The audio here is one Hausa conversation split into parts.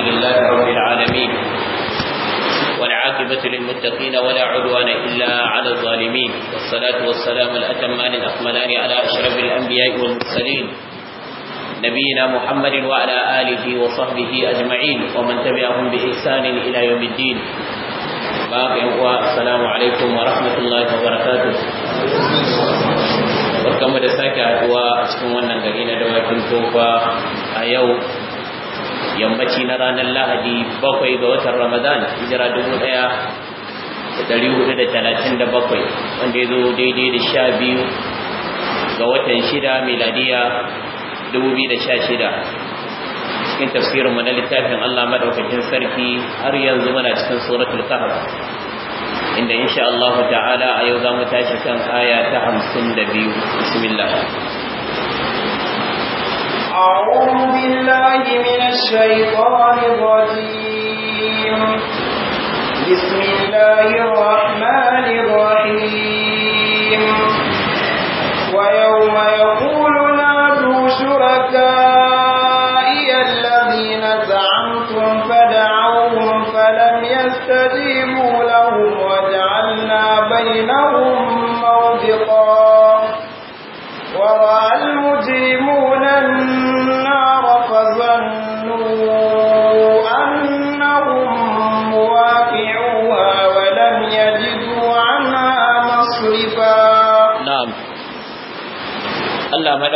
الحمد لله رب العالمين والعاقبة للمتقين ولا عدوان إلا على الظالمين والصلاة والسلام الأتمان الأكملان على أشرف الأنبياء والمرسلين نبينا محمد وعلى آله وصحبه أجمعين ومن تبعهم بإحسان إلى يوم الدين باقي السلام عليكم ورحمة الله وبركاته barkamu da sake haduwa a cikin wannan gari na dawakin tofa a yau yammaci na ranar lahadi bakwai ga watan ramadan hijira dubu ɗaya da dari hudu da talatin da bakwai wanda ya zo daidai da sha biyu ga watan shida miladiya dubu biyu da sha shida cikin tafsirin mu na littafin allah madaukakin sarki har yanzu muna cikin suratul kahf inda insha Allah ta'ala a yau za mu tashi kan aya ta 52 bismillah أعوذ بالله من الشيطان الرجيم بسم الله الرحمن الرحيم ويوم يقول نادوا شركائي الذين زعمتم فدعوهم فلم يستجيبوا لهم وجعلنا بينهم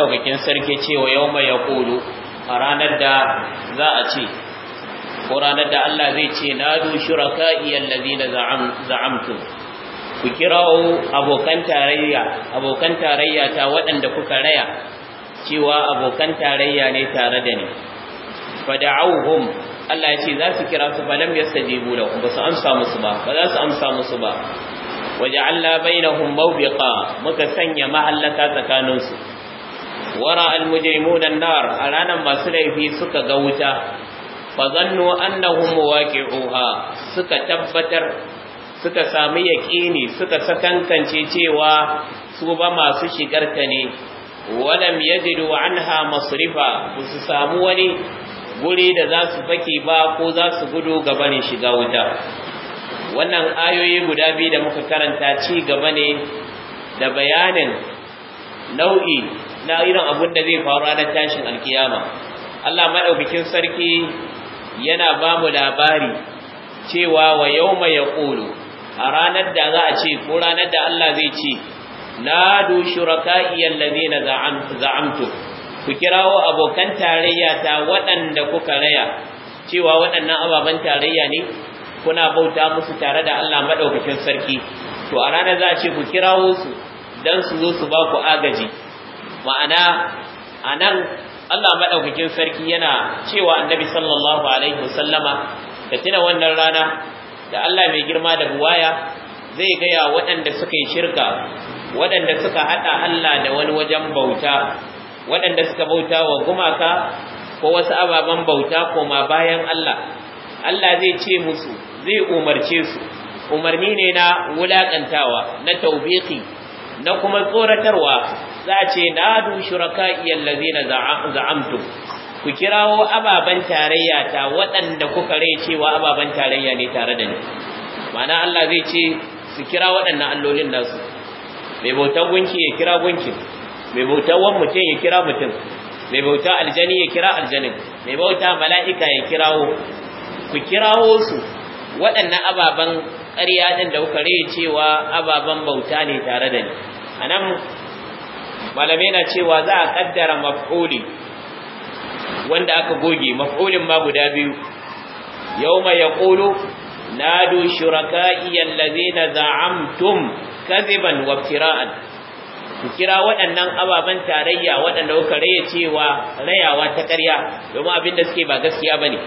madaukakin sarki cewa yawma yaqulu a ranar da za a ce ko ranar da Allah zai ce nadu shuraka'i allazina za'amtum ku kirawo abokan tarayya abokan tarayya ta waɗanda kuka raya cewa abokan tarayya ne tare da ni fada'awhum Allah ya ce za su kira su falam yastajibu lahum ba su amsa musu ba ba za su amsa musu ba waja'alna bainahum mawbiqa muka sanya mahallaka tsakaninsu wara almujrimuna an-nar a ranar masu laifi suka ga wuta fa zannu annahum waqi'uha suka tabbatar suka sami yaqini suka sakankance cewa su ba masu shigar ta ne walam yajidu anha masrifa su samu wani guri da za su fake ba ko za su gudu gaba ne shiga wuta wannan ayoyi guda biyu da muka karanta ci gaba ne da bayanin nau'i na irin abun da zai faru ranar tashin alkiyama Allah madaukakin sarki yana ba mu labari cewa wa ya yaqulu a ranar da za a ce ko ranar da Allah zai ce nadu shuraka'i allazina za'amtu ku kirawo abokan tarayya ta waɗanda kuka raya cewa waɗannan ababen tarayya ne kuna bauta musu tare da Allah madaukakin sarki to a ranar za a ce ku kirawo su dan su zo su ba ku agaji ma'ana a nan, Allah madaukakin sarki yana cewa annabi sallallahu alaihi wasallama ka tuna wannan rana da Allah mai girma da buwaya zai gaya waɗanda suka yi shirka waɗanda suka haɗa Allah da wani wajen bauta waɗanda suka bauta wa gumaka ko wasu ababen bauta koma bayan Allah Allah zai ce musu zai umarce su umarni ne na wulaƙantawa na taubiki na kuma tsoratarwa za a ce nadu shuraka iyallazina za'amtu ku kirawo ababan tarayya ta waɗanda kuka rai cewa ababan tarayya ne tare da ni mana Allah zai ce su kira waɗannan allolin nasu mai bautan gunki ya kira gunki mai bautan wan mutum ya kira mutum mai bauta aljani ya kira aljanin mai bauta mala'ika ya kirawo ku kirawo su waɗannan ababen ƙarya ɗin da kuka rai cewa ababen bauta ne tare da ni a nan malamai na cewa za a kaddara maf'ulin wanda aka goge maf'ulin ma guda biyu yawma yaqulu nadu shuraka'i allazina za'amtum kadhiban wa ku kira waɗannan ababen tarayya waɗanda kuka raya cewa rayawa ta ƙarya domin abin da suke ba gaskiya bane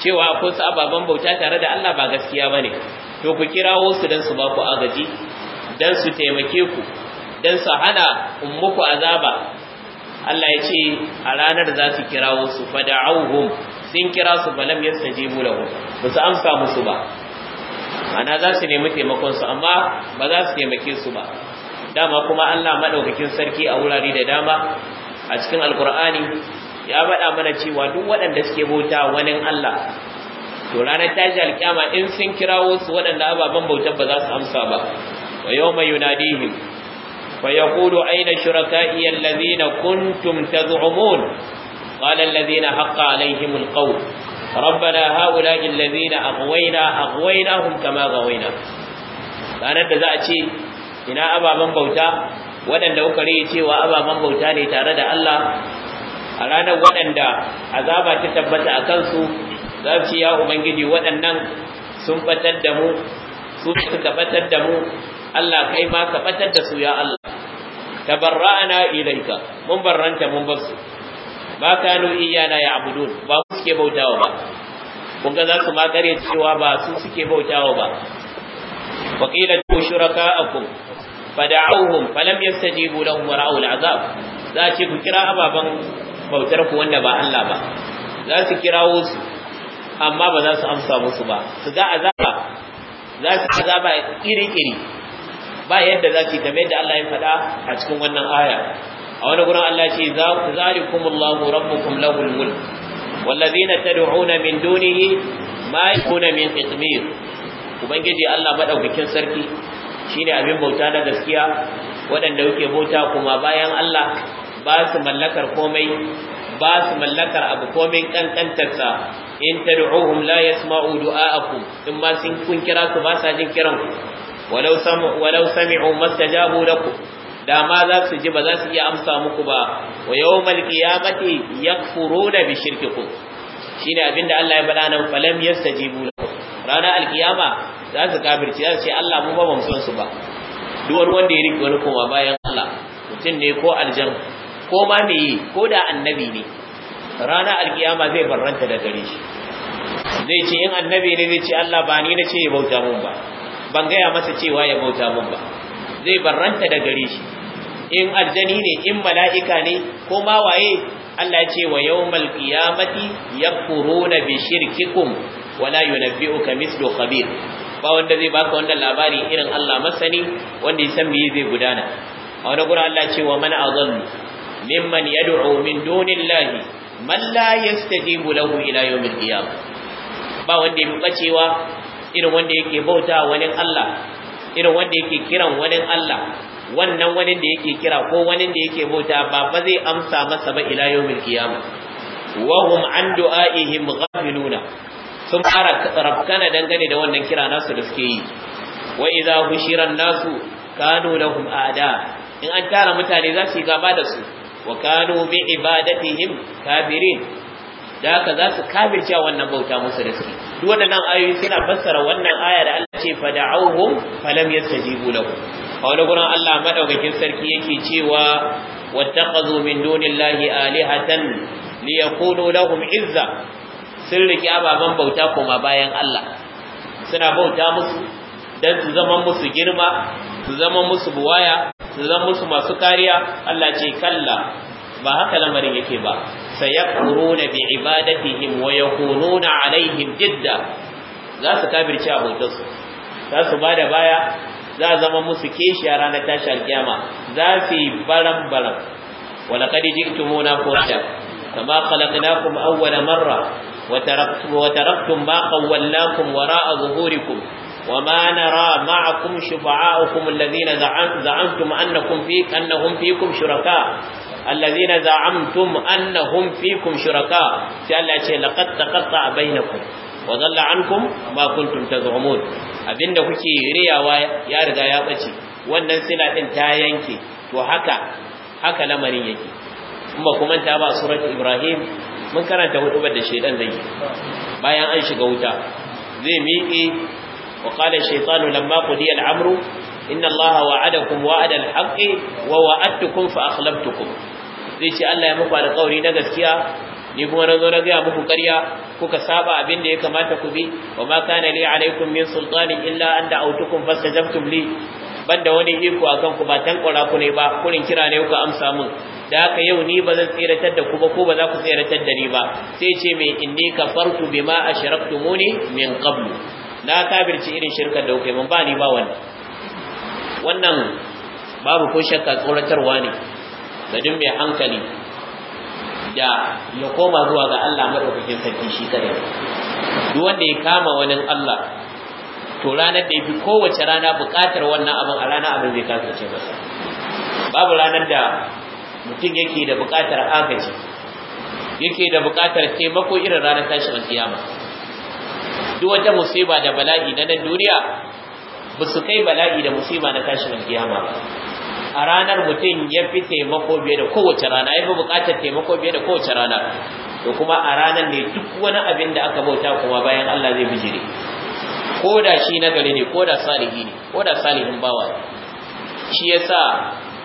cewa akwai su ababen bauta tare da Allah ba gaskiya bane to ku kirawo su dan su ba ku agaji dan su taimake ku dan su hana ummuku azaba Allah ya ce a ranar za su kira wasu fada'auhum sun kira su falam yastajibu lahum ba su amsa musu ba ana za su nemi taimakon su amma ba za su taimake su ba dama kuma Allah madaukakin sarki a wurare da dama a cikin alkur'ani ya faɗa mana cewa duk waɗanda suke bauta wani Allah to ranar ji alkiyama in sun kirawo su waɗanda ababen bautar ba za su amsa ba wa yawma yunadihim فيقول أين شركائي الذين كنتم تزعمون قال الذين حق عليهم القول ربنا هؤلاء الذين أغوينا أغويناهم كما غوينا ranar da za ce ina ababen bauta waɗanda kuka riye cewa ababen bauta ne tare da Allah a ranar waɗanda azaba ta tabbata a kansu za su ya ubangiji waɗannan sun batar da mu su suka batar da mu Allah kai ma ka batar da su ya Allah tabarra'ana ilayka mun barranta mun basu ba kanu iyana ya abudun ba suke bautawa ba kun ga za su ma kare cewa ba suke bautawa ba wa qila tu shuraka'akum fada'uhum falam yastajibu lahum wa ra'u al'azab za ce ku kira ababan bautar ku wanda ba Allah ba za su kirawo su amma ba za su amsa musu ba su azaba za su ba yadda za ki game da Allah ya faɗa a cikin wannan aya a wani gurin Allah ce za ku zalikum Allahu rabbukum lahul mulk ta tad'una min dunihi ma kuna min qitmir ubangiji Allah bikin sarki shine abin bauta na gaskiya waɗanda kuke bauta kuma bayan Allah ba su mallakar komai ba su mallakar abu komai kankantarsa in tad'uhum la yasma'u du'a'akum in ma sun kun kira su ba sa jin kiran ku walau samu walau sami'u mastajabu da ma za su ji ba za su iya amsa muku ba wa yawmal qiyamati yakfuruna bi shirkikum shine abinda Allah ya bada nan falam yastajibu bula. ranar alkiyama za su kafirci za su ce Allah mu ba mu su ba duk wani wanda ya rike wani kuma bayan Allah mutum ne ko aljan ko ma me ko da annabi ne ranar alkiyama zai barranta da gare shi zai ce in annabi ne zai ce Allah ba ni na ce ya bauta mun ba ban gaya masa cewa ya bauta mun ba zai barranta da gare shi in aljani ne in mala'ika ne ko ma waye Allah ya ce wa yawmal qiyamati yakfuruna bi shirkikum wala yunabbi'uka mithlu khabir ba wanda zai baka wannan labari irin Allah masani wanda ya san me zai gudana a wani gurin Allah ya ce wa man azallu mimman yad'u min dunillahi man la yastajibu lahu ila yawmil qiyamah ba wanda ya buƙa cewa irin wanda yake bauta wani Allah irin wanda yake kiran wani Allah wannan wani da yake kira ko wani da yake bauta ba ba zai amsa masa ba ila yawmil qiyama wa hum an du'aihim ghafiluna sun fara rabkana dangane da wannan kira nasu da suke yi wa idza hushira nasu kanu lahum a'da in an tara mutane za su yi gaba da su wa kanu bi ibadatihim kafirin da haka za su kafirce wannan bauta musu da suke duk nan ayoyi suna fassara wannan aya da Allah ce fa da'awhum falam yastajibu lahu a wani gurin Allah madaukakin sarki yake cewa wattaqazu min dunillahi alihatan liyakunu lahum izza sun riki ababen bauta koma bayan Allah suna bauta musu dan su zama musu girma su zama musu buwaya su zama musu masu kariya Allah ce kalla ba haka lamarin yake ba sayaquruna bi ibadatihim wa yakununa alaihim jidda za su kafirci abokansu za su bada baya za a zama musu kishi a ranar tashi alkiyama za su yi baran baran Wani kadi jiktumuna furda kama khalaqnakum awwala marra wa taraktum wa taraktum ma qawwalnakum wara'a zuhurikum a نرى معكم شفعاءكم الذين زعمتم أنكم فيك أنهم فيكم شركاء allazina za'amtum annahum fikum shuraka sai Allah ya ce laqad a bainakum Wazan dhalla ankum ma kuntum abinda kuke riyawa ya riga ya bace wannan sila din ta yanke to haka haka lamarin yake kuma kuma ta ba surat ibrahim mun karanta hudubar da shedan zai bayan an shiga wuta zai miƙe wa qala shaytanu lamma al-amru inna allaha wa'adakum wa'ada al-haqqi wa wa'adtukum fa akhlaftukum zai ce Allah ya muku alƙawari na gaskiya ni kuma na zo na gaya muku ƙarya kuka saba abin da ya kamata ku bi wa ma kana li alaikum min sultanin illa an da'autukum fastajabtum li banda wani iko akan ku ba tankwara ku ne ba kurin kira ne kuka amsa mun. da haka yau ni ba zan tseratar da ku ba ko ba za ku tseratar da ni ba sai ce mai inni kafartu bima ashraktumuni min qablu na kafirci irin shirkar da kuke mun ba ni ba wannan wannan babu ko shakka tsoratarwa ne ga mai hankali da ya koma zuwa ga Allah madaukakin sarki shi kadai duk wanda ya kama wani Allah to ranar da yafi kowace rana buƙatar wannan abin a rana abin zai kasance masa babu ranar da mutum yake da buƙatar agaji yake da buƙatar taimako irin ranar tashin alkiyama duk wata musiba da bala'i na nan duniya ba su kai bala'i da musiba na tashin alkiyama ba a ranar mutum ya fi taimako biyar da kowace rana ya fi buƙatar taimako biyar da kowace rana to kuma a ranar ne duk wani abin da aka bauta kuma bayan Allah zai bijire ko da shi gari ne ko da salihi ne ko da salihin bawa shi ya sa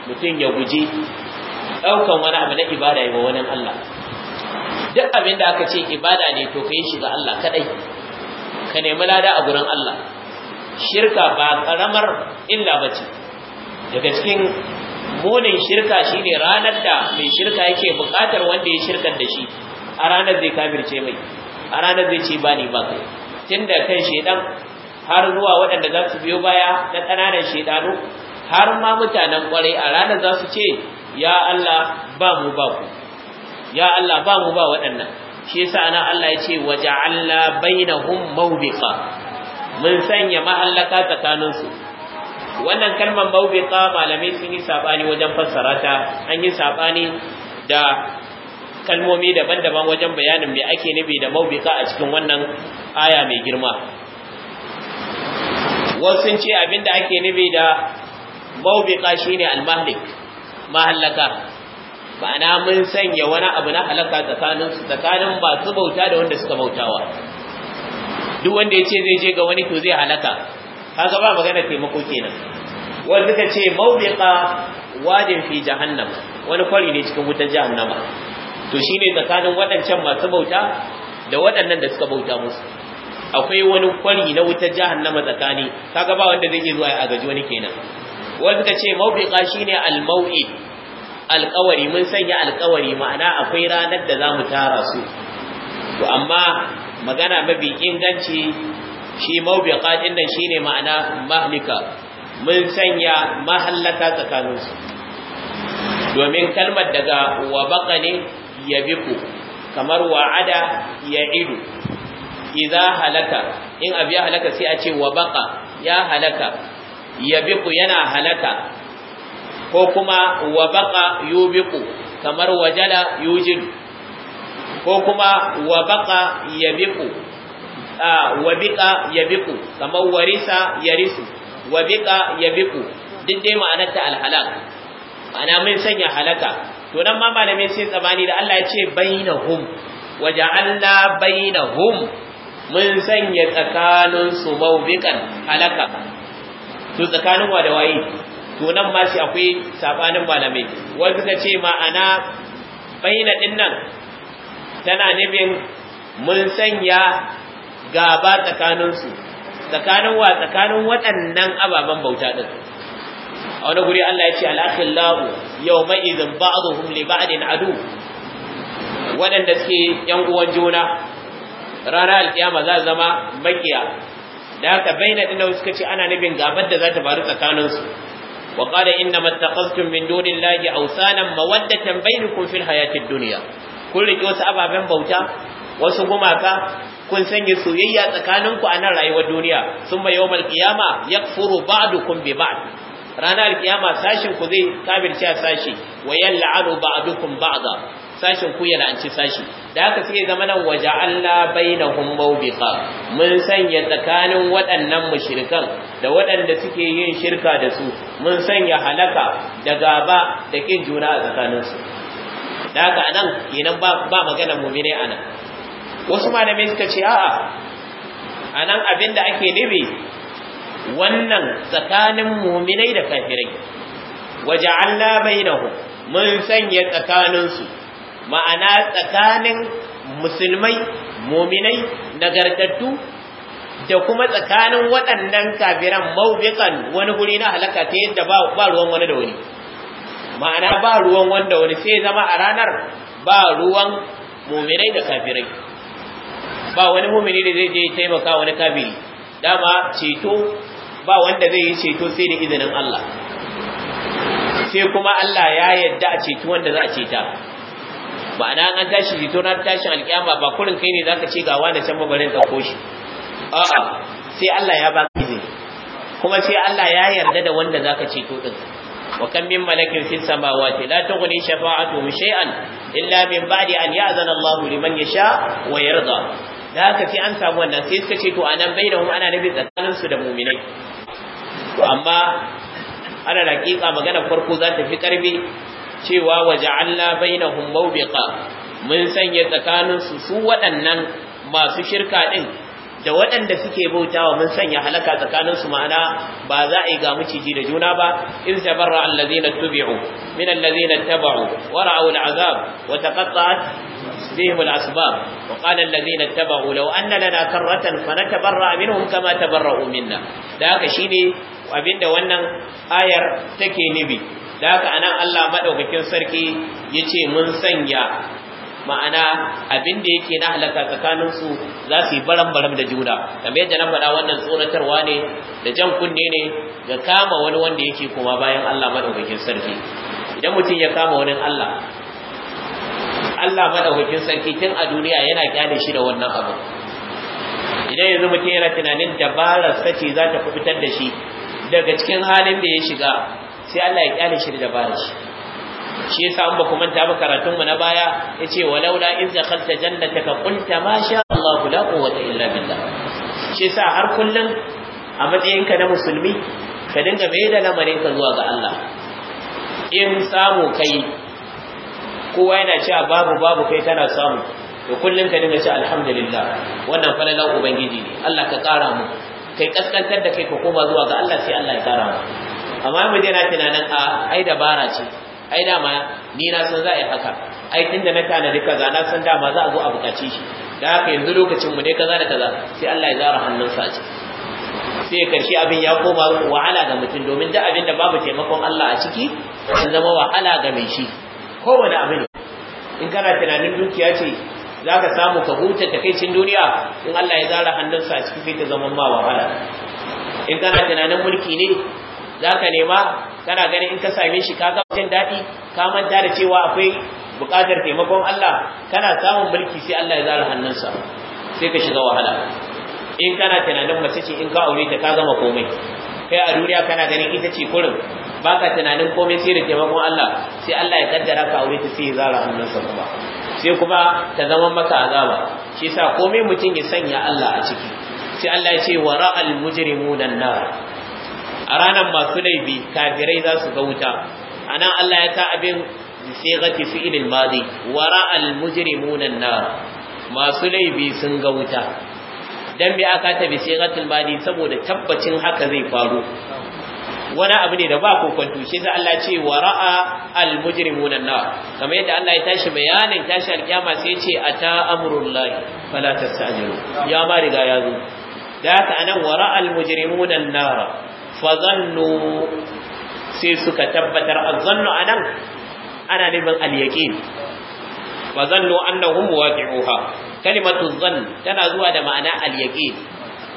mutum ya guji ɗaukan wani abu na ibada ya wani Allah duk abin da aka ce ibada ne to kai shi ga Allah kaɗai. ka nemi lada a gurin Allah shirka ba karamar illa bace daga cikin munin shirka shine ranar da mai shirka yake bukatar wanda ya shirka da shi a ranar zai kafirce mai a ranar zai ce ba ni ba kai tunda kan shaidan, har zuwa waɗanda za su biyo baya na ƙananan shaidanu, har ma mutanen kwarai a ranar za su ce ya Allah ba mu ba ku ya Allah ba mu ba waɗannan shi yasa Allah ya ce waja'alna bainahum mawbiqa mun sanya mahallaka tsakaninsu wannan kalmar mawbiqa malamai sun yi sabani wajen fassara ta an yi sabani da kalmomi daban-daban wajen bayanin me ake nufi da mawbiqa a cikin wannan aya mai girma wasu ce abinda ake nufi da mawbiqa shine al-mahlik mahallaka ma'ana mun sanya wani abu na halaka tsakanin su tsakanin masu bauta da wanda suka bautawa duk wanda ya ce zai je ga wani to zai halaka kaga ba magana taimako kenan wanda suka ce mawdiqa wadin fi jahannam wani kwari ne cikin wutar jahannama to shine tsakanin waɗancan masu bauta da waɗannan da suka bauta musu akwai wani kwari na wutar jahannama tsakani kaga ba wanda zai zuwa ya agaji wani kenan wanda suka ce mawdiqa shine al-maw'id alƙawari mun sanya alƙawari ma'ana akwai ranar da za mu tara su to amma magana mafi inganci shi mawbiqa din nan shine ma'ana mahlika mun sanya mahallata tsakanin su domin kalmar daga wabaqa ne yabiku kamar wa'ada ya'idu idza halaka in abi ya halaka sai a ce wa baqa ya halaka yabiku yana halaka ko kuma wa baqa yubiku kamar wajala yujidu ko kuma wa baqa yabiku ya yabiqu kamar warisa yarisu ya yabiqu duk dai ma'anar ta alhalak ana mun sanya halaka to nan ma malamai sai tsabani da Allah ya ce bainahum ja'alna bainahum mun sanya tsakanin su mawbiqan halaka to tsakanin wa da waye to nan ma sai akwai sabanin malamai wanda suka ce ma'ana baina nan tana nufin mun sanya gaba tsakaninsu tsakanin wa tsakanin waɗannan ababen bauta ɗin, a wani guri Allah ya ce al yau yawma idhin ba'dhum li adu waɗanda suke yan uwan juna rana alƙiyama za zama makiya da na baina wasu suka ce ana nufin, gabar da za ta faru tsakaninsu wa qala inna mattaqastum min a awsanan mawaddatan bainakum fil hayatid duniya, kun rike wasu ababen bauta wasu gumaka kun sanya soyayya tsakaninku a nan rayuwar duniya sun mai yawmal qiyama yakfuru ba'dukum bi ba'd ranar kiyama sashin ku zai kafirce sashi wa ba ba'dukum ba'da sashin ku ya la'anci sashi da haka suke zama nan waje Allah bainahum mawbiqa mun sanya tsakanin waɗannan mushrikan da waɗanda suke yin shirka da su mun sanya halaka da gaba da kin juna a tsakaninsu da haka anan kenan ba ba mu mu'mine anan wasu malamai suka ce a'a a nan abin da ake nufi wannan tsakanin muminai da kafirai waje Allah bai mun sanya tsakaninsu ma'ana tsakanin musulmai muminai nagartattu da kuma tsakanin waɗannan kafiran mawbikan wani guri na halaka ta yadda ba ruwan wani da wani ma'ana ba ruwan wanda wani sai zama a ranar ba ruwan muminai da kafirai ba wani mumini da zai je taimaka wani kafiri dama ceto ba wanda zai yi ceto sai da izinin Allah sai kuma Allah ya yarda a ceto wanda za a ceta ma'ana an tashi ceto na tashin alkiyama ba kurin kai ne zaka ce ga wani can mabarin ka koshi a'a sai Allah ya ba izini kuma sai Allah ya yarda da wanda za ka ceto din wa kan min malakin fis samawati la tughni shafa'atuhum shay'an illa min ba'di an ya'zana Allahu liman yasha wa yarda da haka sai an samu wannan sai suka ce to anan mu ana nabi tsakanin su da mu'minai to amma ana hakika magana farko za ta fi karbi cewa waja'alna bainahum mawbiqa mun sanya tsakanin su su waɗannan masu shirka din da waɗanda suke bautawa mun sanya halaka tsakanin su ma'ana ba za a yi ga miciji da juna ba in tabarra allazina tubi'u min allazina tabau wa ra'aw al'azab wa taqatta'at بهم الأسباب وقال الذين اتبعوا لو أن na كرة فنتبرأ منهم كما تبرأوا منا ذاك شيني abin da wannan ayar take nibi da haka anan Allah madaukakin sarki ya ce mun sanya ma'ana abinda da yake na halaka tsakanin su za su yi baram-baram da juna kamar yadda na faɗa wannan tsoratarwa ne da jan kunne ne ga kama wani wanda yake koma bayan Allah madaukakin sarki idan mutum ya kama wani Allah Allah madaukakin sarki tun a duniya yana kyale shi da wannan abu idan yanzu mutum yana tunanin dabarar sace za ta fitar da shi daga cikin halin da ya shiga sai Allah ya kyale shi da dabarar shi shi yasa an ba ku manta ba karatun mu na baya yace walaula in dakhalta jannataka qulta ma sha Allah la quwwata illa billah shi yasa har kullun a matsayinka na musulmi ka dinga mai da ka zuwa ga Allah in samu kai kowa yana cewa babu babu kai kana samu to kullum ka dinga cewa alhamdulillah wannan falalan ubangiji ne Allah ka kara mu kai kaskantar da kai ka koma zuwa ga Allah sai Allah ya kara mu amma mu je na tunanin a ai dabara ce ai dama ni na san za a yi haka ai tunda na tanadi kaza na san dama za a zo a shi da haka yanzu lokacin mu ne kaza da kaza sai Allah ya zara hannun sa ce. sai karshe abin ya koma wahala ga mutum domin da abin da babu taimakon Allah a ciki sun zama wahala ga mai shi kowane abu ne in kana tunanin dukiya ce za ka samu ka huta takaicin duniya in Allah ya zara hannunsa a cikin fita ta ma wahala in kana tunanin mulki ne za ka nema kana ganin in ka same shi ka jin daɗi ka manta da cewa akwai buƙatar taimakon Allah kana samun mulki sai Allah ya zara hannunsa sai ka shiga wahala in kana tunanin mace ce in ka aure ta ka zama komai kai a duniya kana ganin ita ce kurin ba ka tunanin komai sai da taimakon Allah sai Allah ya kaddara ka aure ta sai ya zara hannunsa kuma sai kuma ta zama maka azaba shi yasa komai mutum ya sanya Allah a ciki sai Allah ya ce wa ra'al mujrimuna nar a ranar masu laifi kafirai za su ga wuta anan Allah ya ta abin sigati fi'il madi wa ra'al mujrimuna nar masu laifi sun ga wuta dan bi aka ta bi sigatul madi saboda tabbacin haka zai faru wani abu ne da ba kokonto shi da Allah ce wa ra'a al mujrimuna nar kamar yadda Allah ya tashi bayanin tashi alkiyama sai ya ce ata amrullahi fala tastajilu ya ma riga ya zo da haka anan wa ra'a al mujrimuna nar fa zannu sai suka tabbatar azzannu anan ana neman al yaqin fa zannu annahum waqi'uha kalimatu zann tana zuwa da ma'ana al yaqin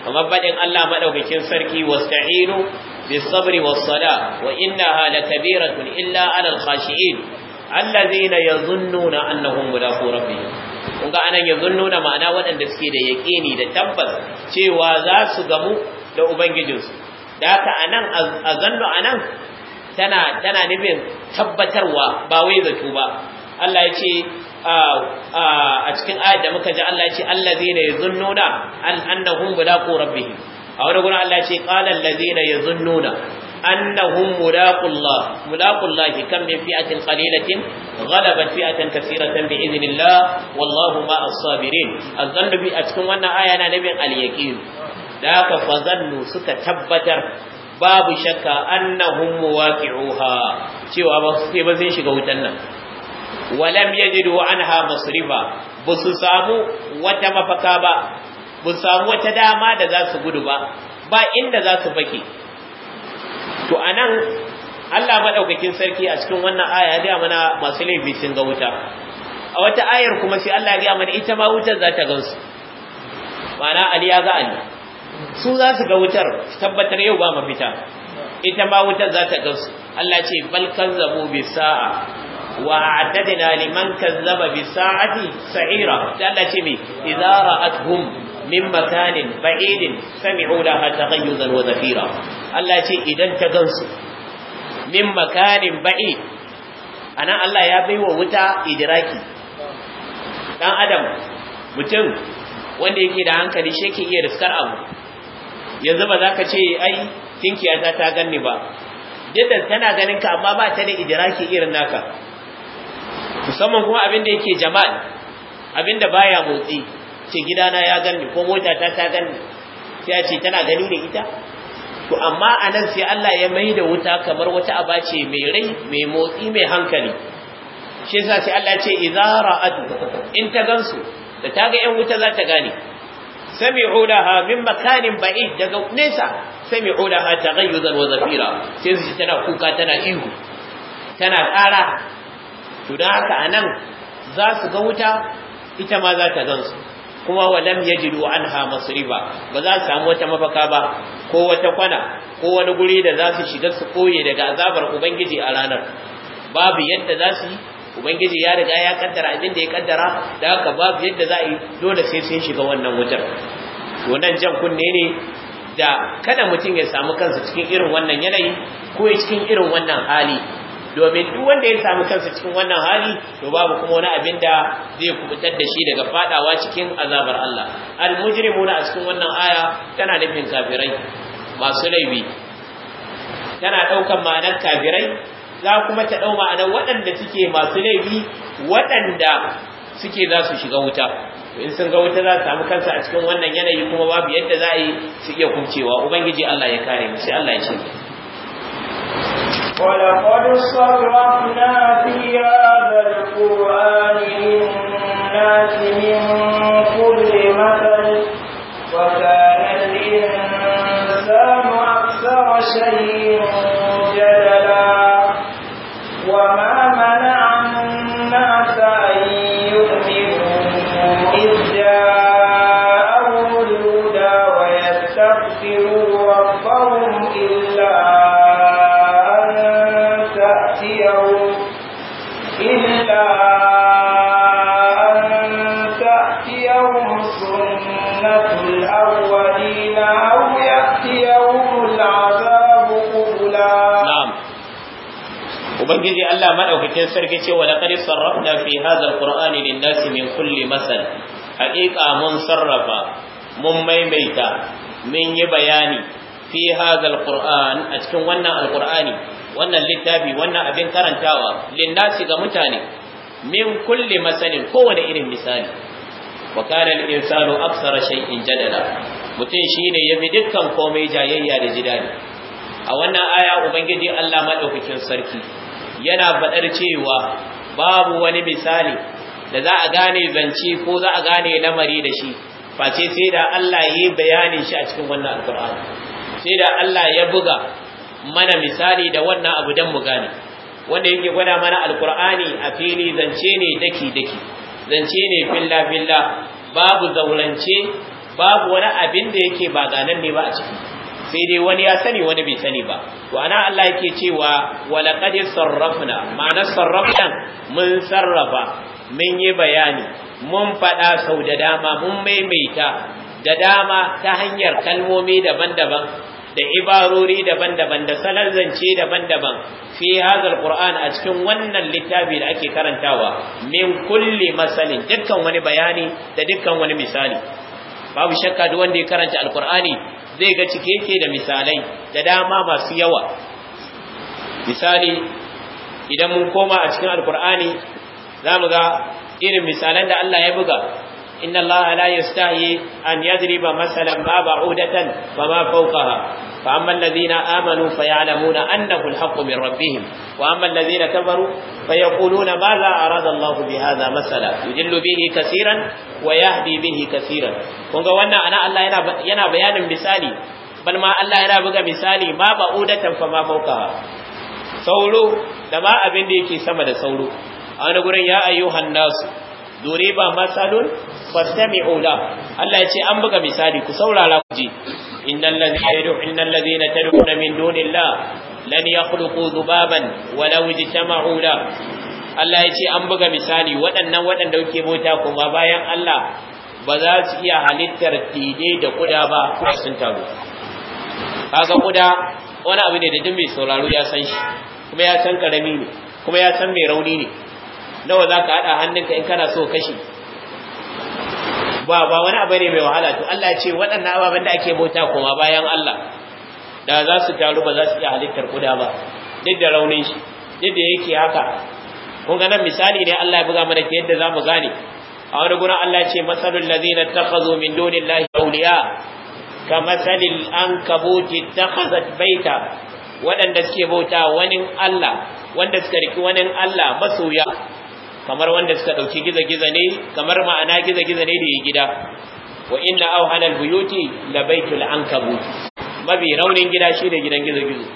kamar baɗin Allah maɗaukakin sarki wasta'inu bis sabri was sala wa innaha Kabiratun illa 'alal khashi'in allazina yazunnuna annahum mulaqu rabbihim kun ga anan yazunnuna ma'ana waɗanda suke da yaƙini da tabbas cewa za su gamu da ubangijinsu da haka anan azannu anan tana tana nufin tabbatarwa ba wai zato ba Allah ya ce a cikin ayat da muka ji Allah ya ce allazina yazunnuna an annahum mulaqu rabbihim a wani gurin Allah ya ce qala allazina yazunnuna annahum mulaqullah mulaqullah kam min fi'atin qalilatin ghalabat fi'atan katiratan bi idhnillah wallahu ma as-sabirin azannu bi a cikin wannan aya na nabin al-yaqin da ka fazannu suka tabbatar babu shakka annahum muwaqi'uha cewa ba sai ba zai shiga wutan nan walam yajidu anha masrifa ba su samu wata mafaka ba ba samu wata dama da za su gudu ba ba inda za su baki to anan Allah madaukakin sarki a cikin wannan aya ya mana masu laifi sun ga wuta a wata ayar kuma sai Allah ya mana ita ma wutar za ta gansu ma'ana Ali ya ga Ali su za su ga wutar tabbatar yau ba mafita ita ma wutar za ta gansu Allah ce bal kazzabu bi sa'a Wa وأعتدنا لمن كذب بالساعة سعيرا سألت مي إذا رأتهم من مكان بعيد سمعوا لها wa Zafira. Allah ce idan ta gansu min makanin ba'i anan Allah ya bai wa wuta idraki dan adam mutum wanda yake da hankali shi yake iya riskar abu yanzu ba za ka ce ai tinkiya ta ta ganni ba duk tana ganin ka amma ba ta da idraki irin naka musamman kuma abin da yake jama'a abin da baya motsi ce gidana ya ganni ko mota ta ta ganni sai ce tana gani da ita to amma anan sai Allah ya mai da wuta kamar wata aba ce mai rai mai motsi mai hankali shi yasa sai Allah ya ce idza ra'at in ta gansu da ta ga yan wuta za ta gane sami'u laha min makanin ba'id daga nesa sami'u laha taghayyuzan wa zafira sai su tana kuka tana ihu tana ƙara to don haka a nan za su ga wuta ita ma za ta gansu kuma walam yajidu anha masriba ba za su samu wata mafaka ba ko wata kwana ko wani guri da za su shiga su koye daga azabar ubangiji a ranar babu yadda za su yi ubangiji ya riga ya kaddara abin da ya kaddara da haka babu yadda za a yi dole sai sun shiga wannan wutar to nan jan kunne ne da kada mutum ya samu kansa cikin irin wannan yanayi ko cikin irin wannan hali domin duk wanda ya samu kansa cikin wannan hali to babu kuma wani abin da zai kubutar da shi daga fadawa cikin azabar Allah al mujrimu a cikin wannan aya tana nufin kafirai masu laifi tana daukar ma'anar kafirai za kuma ta dau ma'anar waɗanda suke masu laifi waɗanda suke za su shiga wuta in sun ga wuta za su samu kansa a cikin wannan yanayi kuma babu yadda za a yi su iya kubcewa ubangiji Allah ya kare mu sai Allah ya ce ولقد صرفنا في هذا القرآن للناس من كل مثل وكان الإنسان أكثر شيء جدا madaukakin sarki ce wa laqad sarrafna fi hadha alqur'ani lin min kulli masal haqiqa mun sarrafa mun maimaita mun yi bayani fi hadha alqur'an a cikin wannan alqur'ani wannan littafi wannan abin karantawa lin-nasi ga mutane min kulli masalin kowane irin misali wa kana al-insanu aktsara shay'in jadala mutum shine yabi dukkan komai jayayya da jidali a wannan aya ubangiji Allah madaukakin sarki yana faɗar cewa babu wani misali da za a gane zance ko za a gane lamari da shi face sai da Allah ya yi bayanin shi a cikin wannan alkur'ani sai da Allah ya buga mana misali da wannan abu don mu gane wanda yake gwada mana alkur'ani a fili zance ne daki daki zance ne filla filla babu zaurance babu wani abin da yake ba ganan ne ba a ciki sai dai wani ya sani wani bai sani ba to ana Allah yake cewa walaqad sarrafna ma'ana sarrafna mun sarrafa mun yi bayani mun faɗa sau da dama mun maimaita da dama ta hanyar kalmomi daban-daban da ibarori daban-daban da salar zance daban-daban fi hazal qur'an a cikin wannan littafi da ake karantawa min kulli masalin dukkan wani bayani da dukkan wani misali babu shakka duk wanda ya karanta alqur'ani zai ga cike yake da misalai da dama masu yawa misali idan mun koma a cikin alkur'ani za mu ga irin misalan da Allah ya buga inna allaha la yastahi an yadriba masalan ba ba'udatan wa ma fawqaha fa amma alladhina amanu fayalamuna annahu alhaqqu min rabbihim wa amma alladhina kafaru fayaquluna ma la arada allah bi hadha masala yudillu bihi kaseeran wa yahdi bihi kaseeran kun ga wannan ana Allah yana bayanin misali bal ma Allah yana buga misali ma ba'udatan fa ma fawqaha sauro da ma abin da yake sama da sauro a wani gurin ya ayyuhan nasu duriba masalun fastami'u la Allah ya ce an buga misali ku saurara ku ji innal ladhina yad'u innal ladhina tad'una min dunillah lan yakhluqu dhubaban walau ijtama'u la Allah ya ce an buga misali waɗannan waɗanda kuke bauta kuma bayan Allah ba za su iya halittar tide da kuda ba sun taru kaga kuda wani abu ne da dukkan mai sauraro ya san shi kuma ya san karami ne kuma ya san mai rauni ne nawa za ka haɗa hannunka in kana so kashi ba ba wani abu ne mai wahala to Allah ce waɗannan ababen da ake bauta kuma bayan Allah da za su taru ba za su iya halittar kuda ba duk da raunin shi duk da yake haka kun ga nan misali ne Allah ya buga mana ke yadda za mu gane a wani gurin Allah ce masalul ladzina takhazu min dunillahi awliya ka an ankabuti takhazat baita waɗanda suke bauta wani Allah wanda suka riki wani Allah masoya kamar wanda suka dauki giza-giza ne kamar ma'ana giza-giza ne da ya gida wa inna awhana albuyuti labaitul ankabut mabi raunin gida shi da gidan gizo-gizo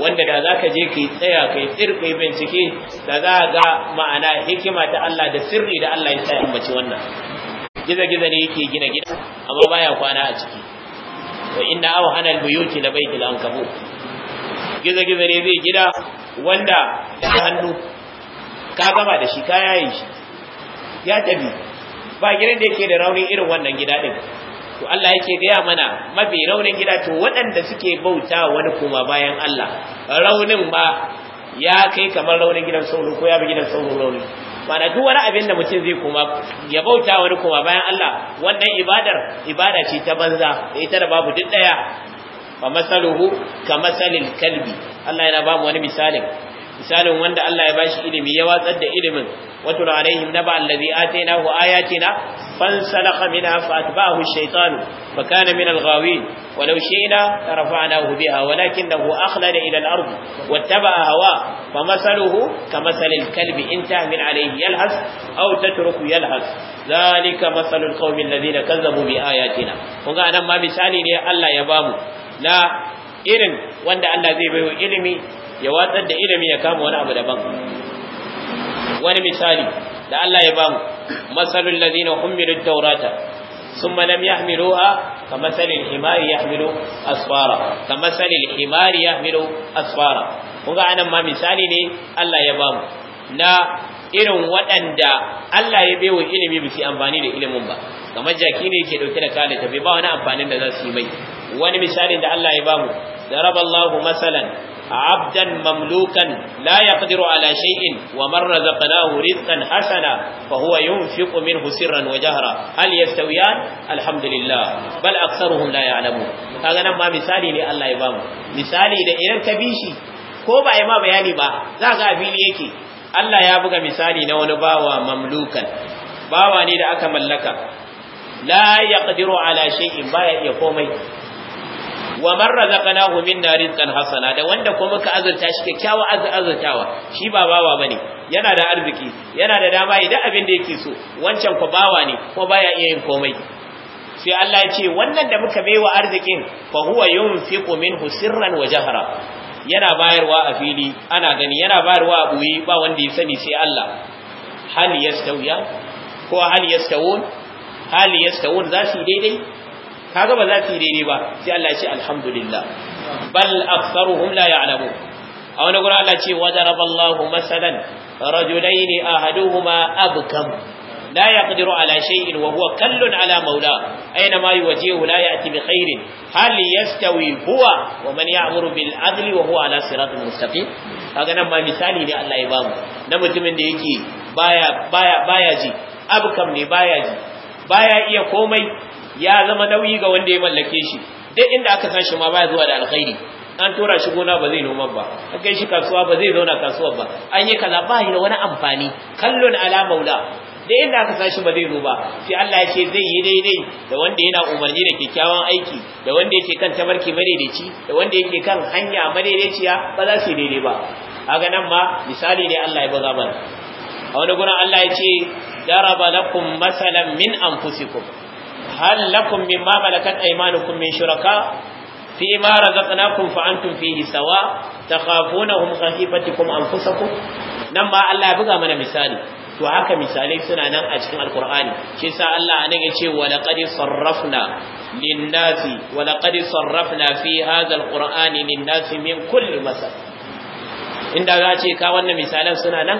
wanda da zaka je kai tsaya kai tsirkai bincike da za ga ma'ana hikima ta Allah da sirri da Allah ya sa in bace wannan giza-giza ne yake gina gida amma baya kwana a ciki wa inna awhana albuyuti labaitul ankabut giza-giza ne zai gida wanda da hannu ka gama da shi ka shi ya tabi ba gidan da yake da raunin irin wannan gida din to Allah yake gaya mana mafi raunin gida to waɗanda suke bauta wani kuma bayan Allah raunin ba ya kai kamar raunin gidan sauro ko ya bi gidan sauro rauni mana duk wani abin da mutum zai kuma ya bauta wani kuma bayan Allah wannan ibadar ibada ce ta banza ita da babu duk daya fa masaluhu ka kalbi Allah yana ba mu wani misalin misalin wanda Allah ya bashi ilimi ya watsar da ilimin wato alaihim naba allazi atainahu ayatina fansalakha minha fatba'ahu ash-shaytan fa kana min al-ghawin walau shi'na rafa'nahu biha walakinahu akhlada ila al-ard wattaba'a hawa famathaluhu kamathali al-kalbi in tahmil alayhi yalhas aw tatruku yalhas dhalika mathalu al-qawmi alladhina kazzabu bi ayatina nan ma misali ne Allah ya bamu na irin wanda Allah zai bayo ilimi ya watsar da ilimi ya kama wani abu daban wani misali da Allah ya bamu masalul ladina hummilu tawrata ثم لم يحملوها كمثل الحمار يحمل أسفارا كمثل الحمار يحمل أسفارا kunga anan ma misali ne Allah ya bamu na irin waɗanda Allah ya wa ilimi bisi amfani da ilimin ba kamar jaki ne ke dauke da kala tafi ba wani amfanin da za su yi mai wani misalin da Allah ya bamu Daraballahu Masalan, a abdan mamlukan la yaqdiru ala shay'in wa man razaqnahu rizqan hasana fa huwa yunfiqu minhu sirran wa jahra hal yastawiyan alhamdulillah bal aktharuhum la ya'lamun kaga nan ma misali ne Allah ya bamu misali da idan ka bishi ko ba ai ma bayani ba za ga abili yake Allah ya buga misali na wani bawa mamlukan bawa ne da aka mallaka la yaqdiru ala shay'in baya iya komai wa man razaqnahu minna rizqan hasana da wanda kuma muka azurta shi kyakkyawa azurtawa shi ba bawa bane yana da arziki yana da dama idan abin da yake so wancan ku bawa ne ko baya iya yin komai sai Allah ya ce wannan da muka baiwa arzikin fa huwa yunfiqu minhu sirran wa jahra yana bayarwa a fili ana gani yana bayarwa a buyi ba wanda ya sani sai Allah hal yastawiya ko hal yastawun hal yastawun za su daidai kaga ba za su yi daidai ba sai Allah ce alhamdulillah bal aktharuhum la ya'lamun a wani gurin Allah ce wadaraba Allahu masalan rajulaini ahaduhuma abkam لا يقدر على شيء وهو كل على مولاه أينما يوجهه لا يأتي بخير هل يستوي هو ومن يأمر بالعدل وهو على صراط مستقيم kaga nan ma misali ne Allah ya bamu na mutumin da yake baya baya baya ji abkam ne baya ji baya iya komai ya zama nauyi ga wanda ya mallake shi duk inda aka san shi ma baya zuwa da alkhairi an tura shi gona ba zai noma ba an kai shi kasuwa ba zai zauna kasuwa ba an yi kaza ba da wani amfani kallon ala maula da inda aka shi ba zai zo ba sai Allah ce zai yi daidai da wanda yana umarni da kyakkyawan aiki da wanda yake kan tabarki madaidaici da wanda yake kan hanya madaidaiciya ba za su yi daidai ba haka nan ma misali ne Allah ya baza mana a wani gurin Allah ya ce daraba lakum masalan min anfusikum hal lakum mimma malakat aymanukum min shuraka fi ma razaqnakum fa antum fihi sawa takhafunahum khafifatikum anfusakum nan ma Allah buga mana misali to haka misalai suna nan a cikin alqur'ani shi yasa Allah anan ya ce wa laqad sarrafna lin-nasi wa laqad sarrafna fi hadha alqur'ani lin-nasi min kulli masal inda za ce ka wannan misalan suna nan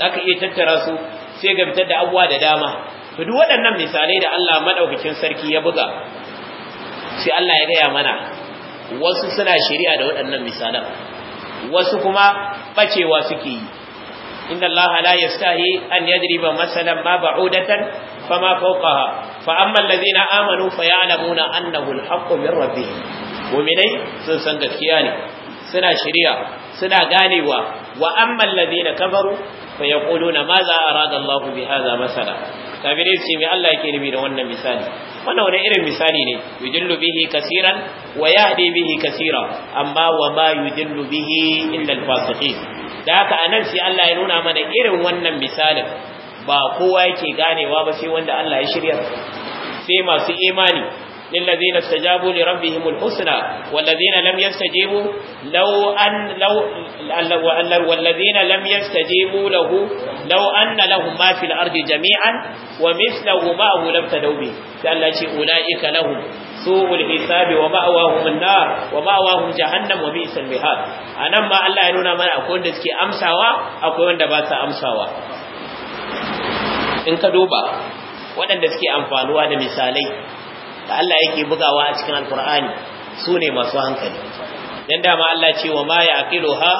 zaka iya tattara su sai ga fitar da abuwa da dama to duk waɗannan misalai da Allah madaukakin sarki ya buga sai Allah ya gaya mana wasu suna shari'a da waɗannan misalan wasu kuma ɓacewa suke yi Inda Allah la yastahi an yadriba masalan ma ba'udatan fama fawqaha fa amma allazina amanu fa ya'lamuna annahu al min rabbihim mu'minai sun san gaskiya ne suna shari'a suna ganewa wa amma allazina kafaru fa yaquluna ma za arada Allah bi hadha masala kafirai su ce mai Allah yake nufi da wannan misali wannan wani irin misali ne yudillu bihi kasiran wa yahdi bihi kasira amma wa ma yudillu bihi illa al-fasiqin da haka anan sai Allah ya nuna mana irin wannan misalin ba kowa yake ganewa ba sai wanda Allah ya shirya sai masu imani للذين استجابوا لربهم الحسنى والذين لم يستجيبوا لو أن لو والذين لم يستجيبوا له لو أن لهم ما في الأرض جميعا ومثله معه لم تدوا به قال أولئك لهم سوء الحساب ومأواهم النار ومأواهم جهنم وبئس المهاد أنا ما الله ينونا من أكون دسكي أمساوا أكون دباسا أمساوا in ka duba waɗanda suke amfanuwa da misalai da Allah yake bugawa a cikin alkur'ani su ne masu hankali dan dama Allah ce wa ma yaqiluha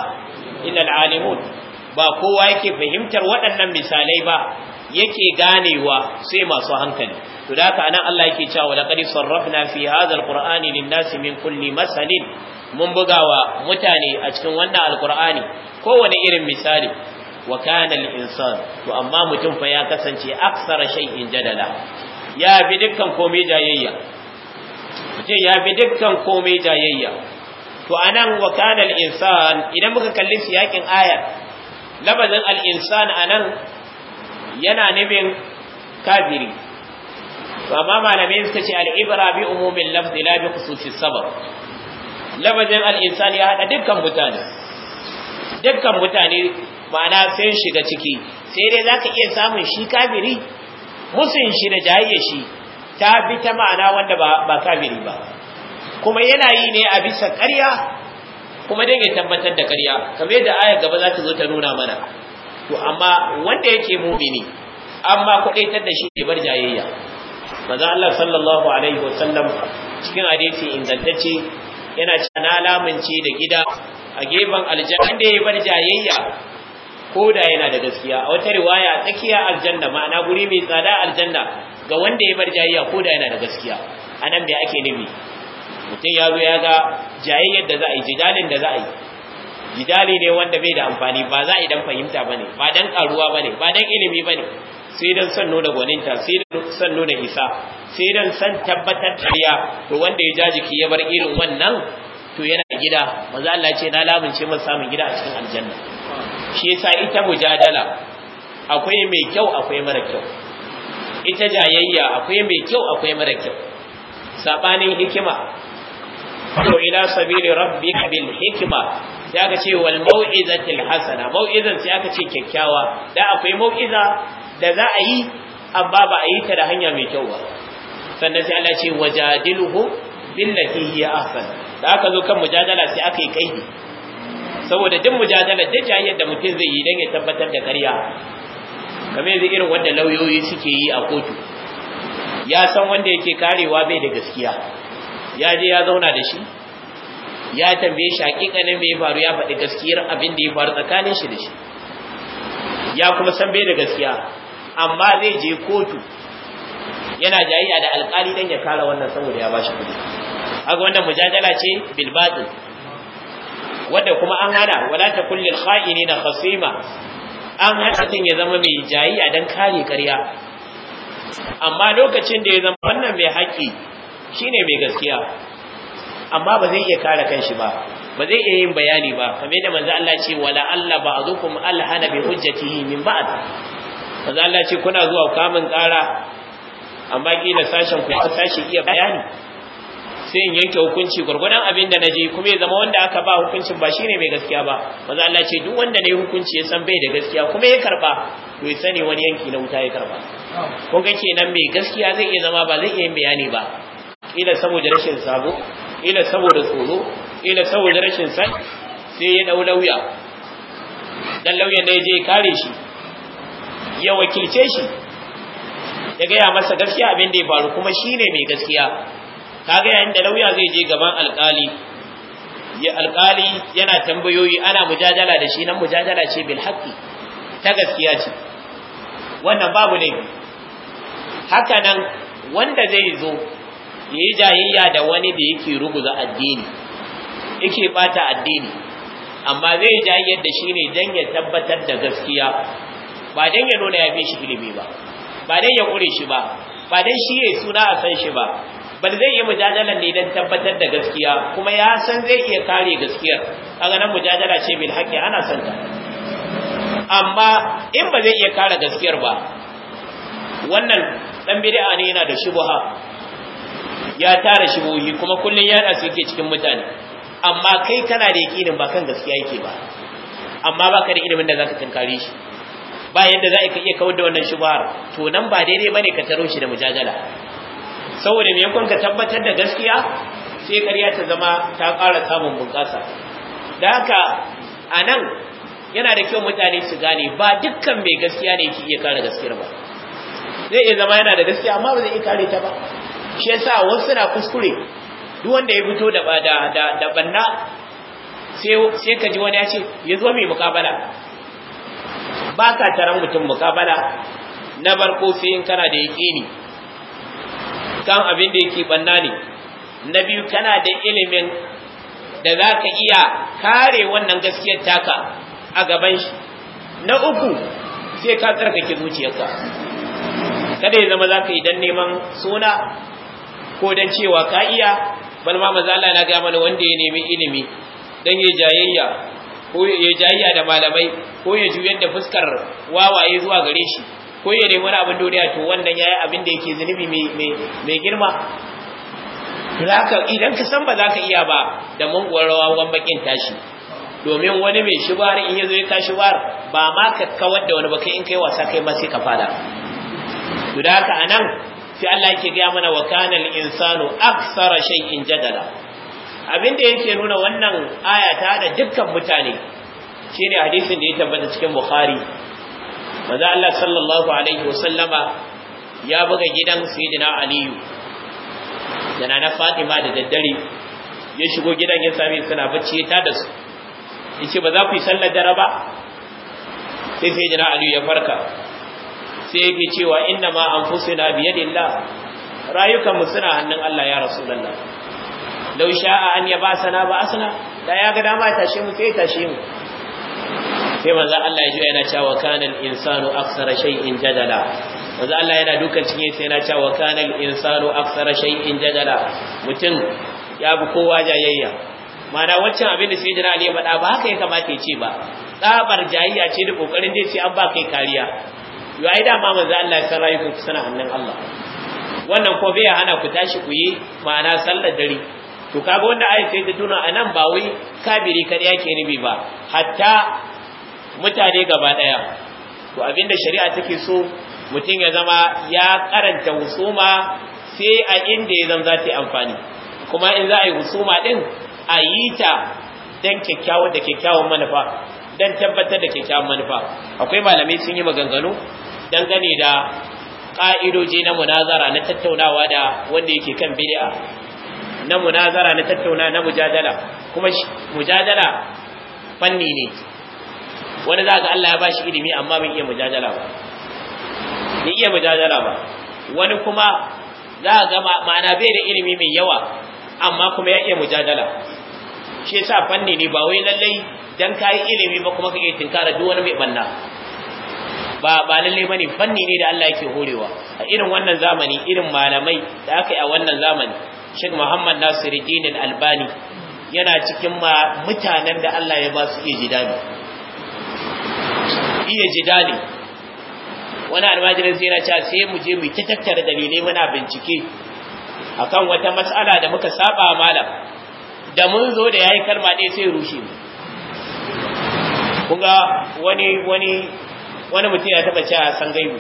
illa alalimun ba kowa yake fahimtar waɗannan misalai ba yake ganewa sai masu hankali to da haka nan Allah yake cewa laqad sarrafna fi hadha alqur'ani lin-nasi min kulli masalin mun bugawa mutane a cikin wannan alqur'ani kowane irin misali wa kana al-insan to amma mutum fa ya kasance aksara shay'in jadala ya fi dukkan komai jayayya mutum ya fi dukkan komai jayayya to anan wa kana al-insan idan muka kalli siyakin ayar labazin al-insan anan yana nufin kafiri to amma malamai suka ce al-ibra bi umumin lafzi la bi khususis sabab labazin al-insan ya hada dukkan mutane dukkan mutane ma'ana sai shiga ciki sai dai zaka iya samun shi kafiri musin shi da jayayya shi ta bi ta ma'ana wanda ba kafiri ba kuma yana yi ne a bisa ƙarya kuma dan ya tabbatar da ƙarya kamar yadda aya gaba za ta zo ta nuna mana to amma wanda yake mumini amma kwadaitar da shi ne bar jayayya maza Allah sallallahu alaihi wa sallam! cikin hadisi ingantacce yana cewa na da gida a gefen aljanna da ya bar jayayya ko da yana da gaskiya a wata riwaya tsakiya aljanna ma'ana guri mai tsada aljanna ga wanda ya bar jayayya ko da yana da gaskiya anan da ake nufi mutum ya zo ya ga jayayyar da za a yi jidalin da za a yi jidali ne wanda bai da amfani ba za a idan fahimta bane ba dan karuwa bane ba dan ilimi bane sai dan san nuna gwaninta sai dan san nuna isa sai dan san tabbatar riya to wanda ya jajiki ya bar irin wannan to yana gida maza Allah ce na lamunce masa samun gida a cikin aljanna shi yasa ita mujadala akwai mai kyau akwai mara kyau ita jayayya akwai mai kyau akwai mara kyau sabanin hikima to ila sabili rabbika bil hikma sai aka ce wal mau'izatil hasana mau'izan sai aka ce kyakkyawa da akwai mau'iza da za a yi amma ba a yi ta da hanya mai kyau ba sannan sai Allah ce wajadiluhu billati hiya ahsan da aka zo kan mujadala sai aka yi kaihi saboda duk mujadala duk jayyar da mutum zai yi don ya tabbatar da ƙarya kamar yanzu irin wanda lauyoyi suke yi a kotu ya san wanda yake karewa bai da gaskiya ya je ya zauna da shi ya tambaye shi hakika ne mai faru ya faɗi gaskiyar abin da ya faru tsakanin shi da shi ya kuma san bai da gaskiya amma zai je kotu yana jayayya da alƙali dan ya kara wannan saboda ya bashi kuɗi haka wannan mujadala ce bil wanda kuma an hana wala ta kullil kha'inina khasima an hana din ya zama mai jayiya dan kare karya. amma lokacin da ya zama wannan mai haƙi shine mai gaskiya amma ba zai iya kare kanshi ba ba zai iya yin bayani ba kamar da manzo Allah ce wala alla ba'dukum alhana bi hujjatihi min ba'd manzo Allah ce kuna zuwa kamun kara amma kila sashen ku sashi iya bayani sai in yanke hukunci gurgurdan abin da na je kuma ya zama wanda aka ba hukuncin ba shine mai gaskiya ba maza Allah ce duk wanda na yi hukunci ya san bai da gaskiya kuma ya karba to ya sani wani yanki na wuta ya karba kun ga nan mai gaskiya zai iya zama ba zai iya yin bayani ba ila saboda rashin sabo ila saboda tsoro ila saboda rashin sai sai ya dau lauya dan lauyan da je kare shi ya wakilce shi ya gaya masa gaskiya abin da ya faru kuma shine mai gaskiya Ka kaga yayin da lauya zai je gaban alkali ya alkali yana tambayoyi ana mujajala da shi nan mujajala ce bil haqqi ta gaskiya ce wannan babu ne haka nan wanda zai zo ya yi jayayya da wani da yake ruguza addini yake bata addini amma zai yi jayayyar da shi ne don ya tabbatar da gaskiya ba don ya nuna ya fi shi ilimi ba ba don ya ƙure shi ba ba don shi ya suna a san shi ba bal zai yi mujadala ne don tabbatar da gaskiya kuma ya san zai iya kare gaskiyar kaga nan mujadala ce bil haƙƙi ana santa amma in ba zai iya kare gaskiyar ba wannan dan bid'a ne yana da shubha ya tara shubuhi kuma kullun yana da suke cikin mutane amma kai kana da yakinin ba kan gaskiya yake ba amma ba ka da ilimin da zaka tunkare shi ba yadda za ka iya kawar da wannan shubhar to nan ba daidai bane ka taro shi da mujadala saboda me yakon ka tabbatar da gaskiya sai ƙarya ta zama ta ƙara samun bunƙasa da haka a nan yana da kyau mutane su gane ba dukkan mai gaskiya ne ki iya kare gaskiyar ba zai iya zama yana da gaskiya amma ba zai iya kare ta ba shi yasa wasu na kuskure duk wanda ya fito da da da banna sai sai ka ji wani ya ce ya zo mai mukabala ba ka taron mutum mukabala na barko sai in kana da yaƙini kan abin da yake banna ne na biyu kana da ilimin da za ka iya kare wannan gaskiyar taka a gaban shi na uku sai ka tsarkake zuciyarka kada ya zama za ka yi don neman suna ko don cewa ka iya balma maza na gaya mana wanda ya nemi ilimi don ya jayayya ko ya jayayya da malamai ko ya juyar da fuskar wawaye zuwa gare shi ko ya nemi wani abin duniya to wannan yayi abin da yake zunubi mai girma idan ka san ba za ka iya ba da munguwar rawa wan bakin tashi domin wani mai bar in yazo ya tashi bar ba ma ka kawar da wani ba kai in kai wasa kai ma sai ka fada to da haka anan sai Allah yake ga mana wa kana insanu aksara shay'in jadala abin da yake nuna wannan aya ta da dukkan mutane shine hadisin da ya tabbata cikin bukhari manzo Allah sallallahu alaihi wasallama ya buga gidan sayyidina aliyu yana na fatima da daddare ya shigo gidan ya sami suna bacci ya tada su yace ba za ku yi sallar dare ba sai sayyidina aliyu ya farka sai yake cewa inna ma anfusuna biyadillah rayukan mu suna hannun Allah ya rasulullah law sha'a an yabasana ba asna da ya ga dama ya tashe mu sai ya tashe mu sai manzo Allah ya ji yana cewa kana al-insanu aksara shay'in jadala manzo Allah yana dukan cikin sai yana cewa kana al-insanu aksara shay'in jadala mutum ya bi kowa jayayya mana wancan abin da sai jira Ali ba faɗa ba haka ya kamata ya ce ba tsabar jayayya ce da kokarin dai sai an ba kai kariya yo ai dama manzo Allah ya san rayukan ku sana hannun Allah wannan ko bai hana ku tashi ku yi ma'ana sallar dare to kaga wanda ayi sai ta tuna anan ba wai kabiri kada yake nubi ba hatta mutane gaba ɗaya to abinda shari'a take so mutum ya zama ya karanta husuma sai a inda ya zama za ta yi amfani kuma in za a yi husuma ɗin a yi ta don kyakkyawar da kyakkyawan manufa don tabbatar da kyakkyawan manufa akwai malamai sun yi maganganu dangane da ƙa'idoji na munazara na tattaunawa da wanda yake kan bid'a na munazara na tattauna na mujadala kuma mujadala fanni ne wani za ga Allah ya bashi ilimi amma bai iya mujajala ba bai iya mujajala ba wani kuma za ga ma'ana bai da ilimi mai yawa amma kuma ya iya mujajala? shi yasa fanni ne ba wai lallai dan kai ilimi ba kuma kake tinkara duk wani mai banna ba ba lalle bane fanni ne da Allah yake horewa a irin wannan zamani irin malamai da aka yi a wannan zamani Sheikh Muhammad Nasiruddin Al-Albani yana cikin mutanen da Allah ya ba su iya jidani iya jidali wani almajirin sai na cewa sai mu je mu ta tattara dalilai muna bincike akan wata matsala da muka saba malam da mun zo da yayi kalma ɗaya sai rushe mu kunga wani wani wani mutum ya taba cewa san gaibu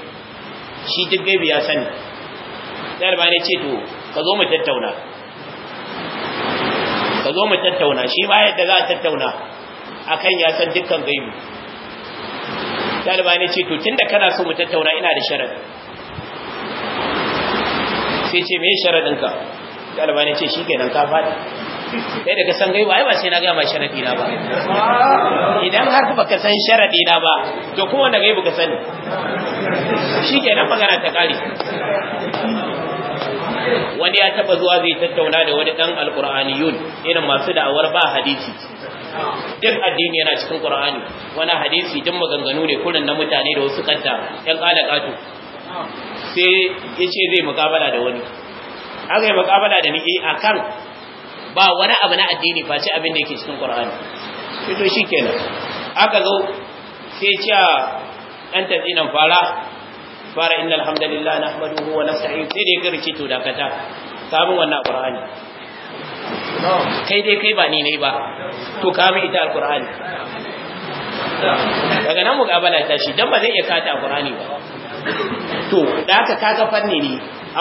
shi duk gaibu ya sani sai ne ce to ka zo mu tattauna ka zo mu tattauna shi ba yadda za a tattauna akan ya san dukkan gaibu ɗaliba ne ce to tunda kana so mu tattauna ina da sharadi sai ce me sharadinka ɗaliba ne ce shi kenan ka faɗi sai daga san gaiwa ai ba sai na gaya ma sharadi na ba idan har baka san sharadi na ba to kuma wanda gaibu ka sani shi kenan magana ta kare wani ya taba zuwa zai tattauna da wani dan alqur'aniyun irin masu da'awar ba hadisi duk addini yana cikin qur'ani wani hadisi duk maganganu ne kurin na mutane da wasu kanta yan kala kato sai yace zai mukabala da wani aka yi mukabala da ni eh, akan ba wani abu na addini face abin da yake cikin qur'ani to shikenan aka zo sai cewa dan tazinan fara fara innal hamdalillah nahmaduhu wa nasta'inuhu sai dai garci to dakata sabon wannan qur'ani kai dai kai ba ni ne ba to ka mu ita alqur'ani daga nan muqabala ta shi dan ba zai iya kata alqur'ani ba to da ka kaga fanni ne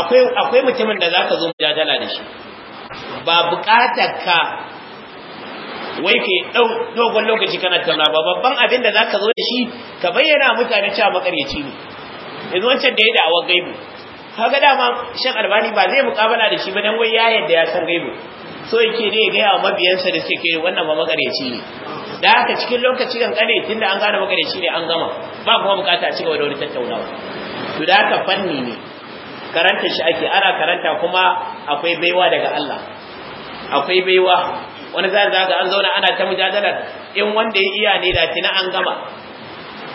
akwai akwai mutumin da zaka zo mujadala da shi ba buƙatar ka wai ke dau dogon lokaci kana tana ba babban abin da zaka zo da shi ka bayyana mutane cewa makaryaci ne yanzu wancan da ya da awar gaibu kaga dama shan Albani ba zai mukabala da shi ba dan wai ya yadda ya san gaibu so yake ne ya gaya wa mabiyansa da suke wannan ba makareci ne da haka cikin lokaci kan kare tunda an gane makareci ne an gama ba kuma bukata a ci gaba da wani tattaunawa to da haka fanni ne karanta shi ake ana karanta kuma akwai baiwa daga Allah akwai baiwa wani za zaga an zauna ana ta mujadalar in wanda ya iya ne da tina an gama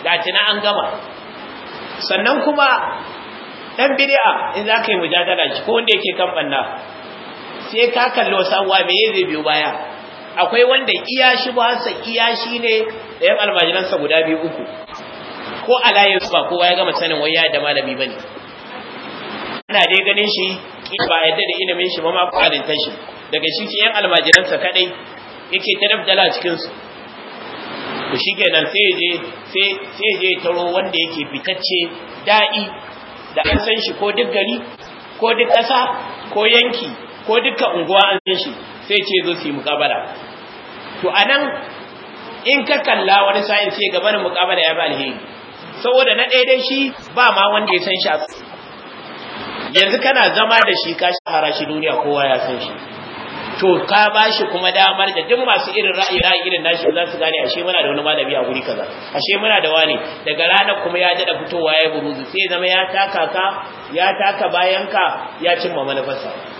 da tina an gama sannan kuma dan bid'a in za ka yi mujadala shi ko wanda yake kan banna sai ka kalli wasu abuwa me zai biyo baya akwai wanda iya shi ba sa iya shi ne da yan almajiransa guda biyu uku ko a layin ba kowa ya gama sanin wai ya da malami bane ana dai ganin shi ba yadda da ilimin shi ba ma kwalintan shi daga shi sai yan almajiransa kadai yake ta dabdala cikin su to shikenan sai je sai sai je taro wanda yake fitacce da'i da an san shi ko duk gari ko duk ƙasa ko yanki ko dukkan unguwa an san shi sai ce zo su yi mukabala to anan in ka kalla wani sa'in sai gabanin mukabala ya ba alheri saboda na ɗaya dai shi ba ma wanda ya san shi yanzu kana zama da shi ka shahara shi duniya kowa ya san shi to ka ba shi kuma damar da duk masu irin ra'ayi ra'ayi irin nashi za su gane ashe muna da wani malami a guri kaza ashe muna da wani daga ranar kuma ya dada fitowa ya buruzu sai zama ya taka ka ya taka bayan ka ya cimma manufarsa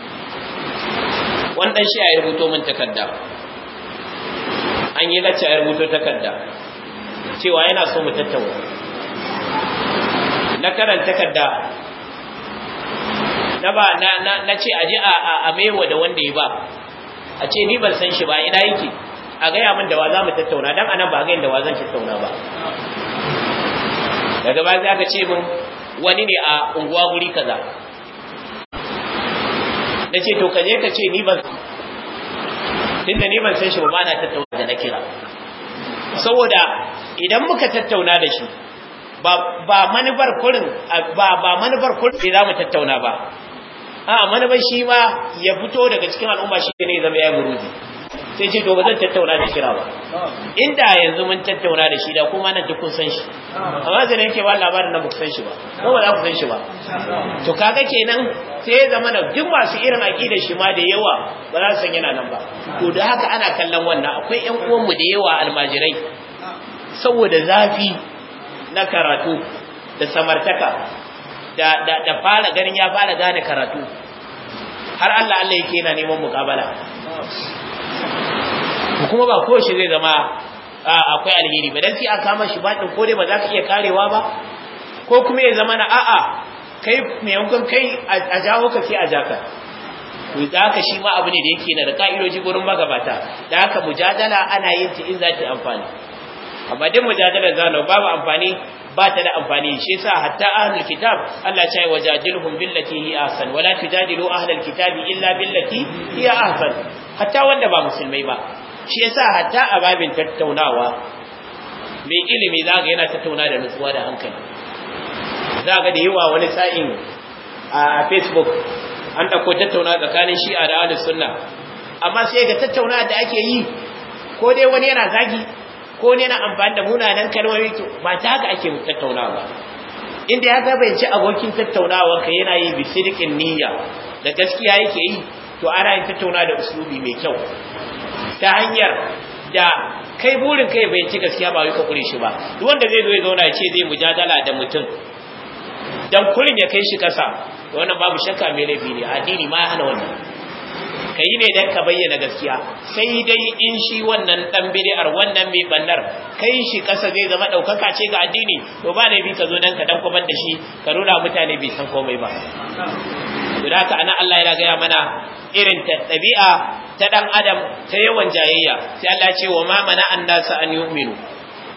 wannan dan shi ya rubuto min takarda an yi a yi rubuto takarda cewa yana so mu tattauna na karanta takarda na ba na ce aje a mewa da wanda ya ba a ce ni ban san shi ba ina yake a gaya min da wa za mu tattauna don anan ba gayin da wa zan tattauna ba daga baya za aka ce min wani ne a unguwa guri kaza na ce to ka je ka ce ni ban tunda ni ban san shi ba ba na tattauna da na kira saboda idan muka tattauna da shi ba manufar kurin ba manufar kurin da zamu tattauna ba a manufar shi ma ya fito daga cikin al'umma shi ne zama ya guruji sai ce to ba zan tattauna da kira ba inda yanzu mun tattauna da shi da kuma nan duk kun san shi amma zai ne yake ba labarin na muku san shi ba ko ba za ku san shi ba to kaga kenan sai ya zama duk masu irin aqidar shi ma da yawa ba za su san yana nan ba to da haka ana kallon wannan akwai ƴan uwanmu da yawa almajirai saboda zafi na karatu da samartaka da da da fara ganin ya fara gane karatu har Allah Allah yake yana neman mukabala kuma ba ko shi zai zama akwai alheri ba dan sai a kama shi baɗin ko dai ba za ka iya karewa ba ko kuma ya zama na a'a kai maimakon kai a jawo ka sai a jaka to da haka shi ma abu ne da yake na da ka'idoji gurin magabata da haka mujadala ana yin ta in za ta amfani amma duk mujadala na babu amfani ba ta da amfani shi yasa hatta ahlul kitab Allah ya yi wajadilhum billati hi ahsan wala tujadilu ahlul kitabi illa billati hi ahsan hatta wanda ba musulmai ba shi yasa hatta a babin tattaunawa mai ilimi za ga yana tattauna da nutsuwa da hankali za ga da yawa wani sa'in a facebook an ɗauko tattauna tsakanin shi'a da ahlus sunna amma sai ga tattauna da ake yi ko dai wani yana zagi ko wani yana amfani da munanan kalmomi ba ta haka ake tattaunawa inda ya ga bai ci abokin tattaunawa ka yana yi bisirkin niyya da gaskiya yake yi to ana yin tattauna da usulubi mai kyau ta hanyar da kai burin kai bai ci gaskiya ba wai ka shi ba duk wanda zai zo ya zauna ce zai mujadala da mutum dan kurin ya kai shi kasa wannan babu shakka mai laifi ne addini ma ya hana wannan ka ne dan ka bayyana gaskiya sai dai in shi wannan dan bid'ar wannan mai bannar kai shi kasa zai zama daukaka ce ga addini to ba ne bi ka zo dan ka dan kwabar da shi ka nuna mutane bai san komai ba to da haka ana Allah ya gaya mana irin ta ɗabi'a ta ɗan adam ta yawan jayayya sai Allah ce wa ma mana an nasa an yu'minu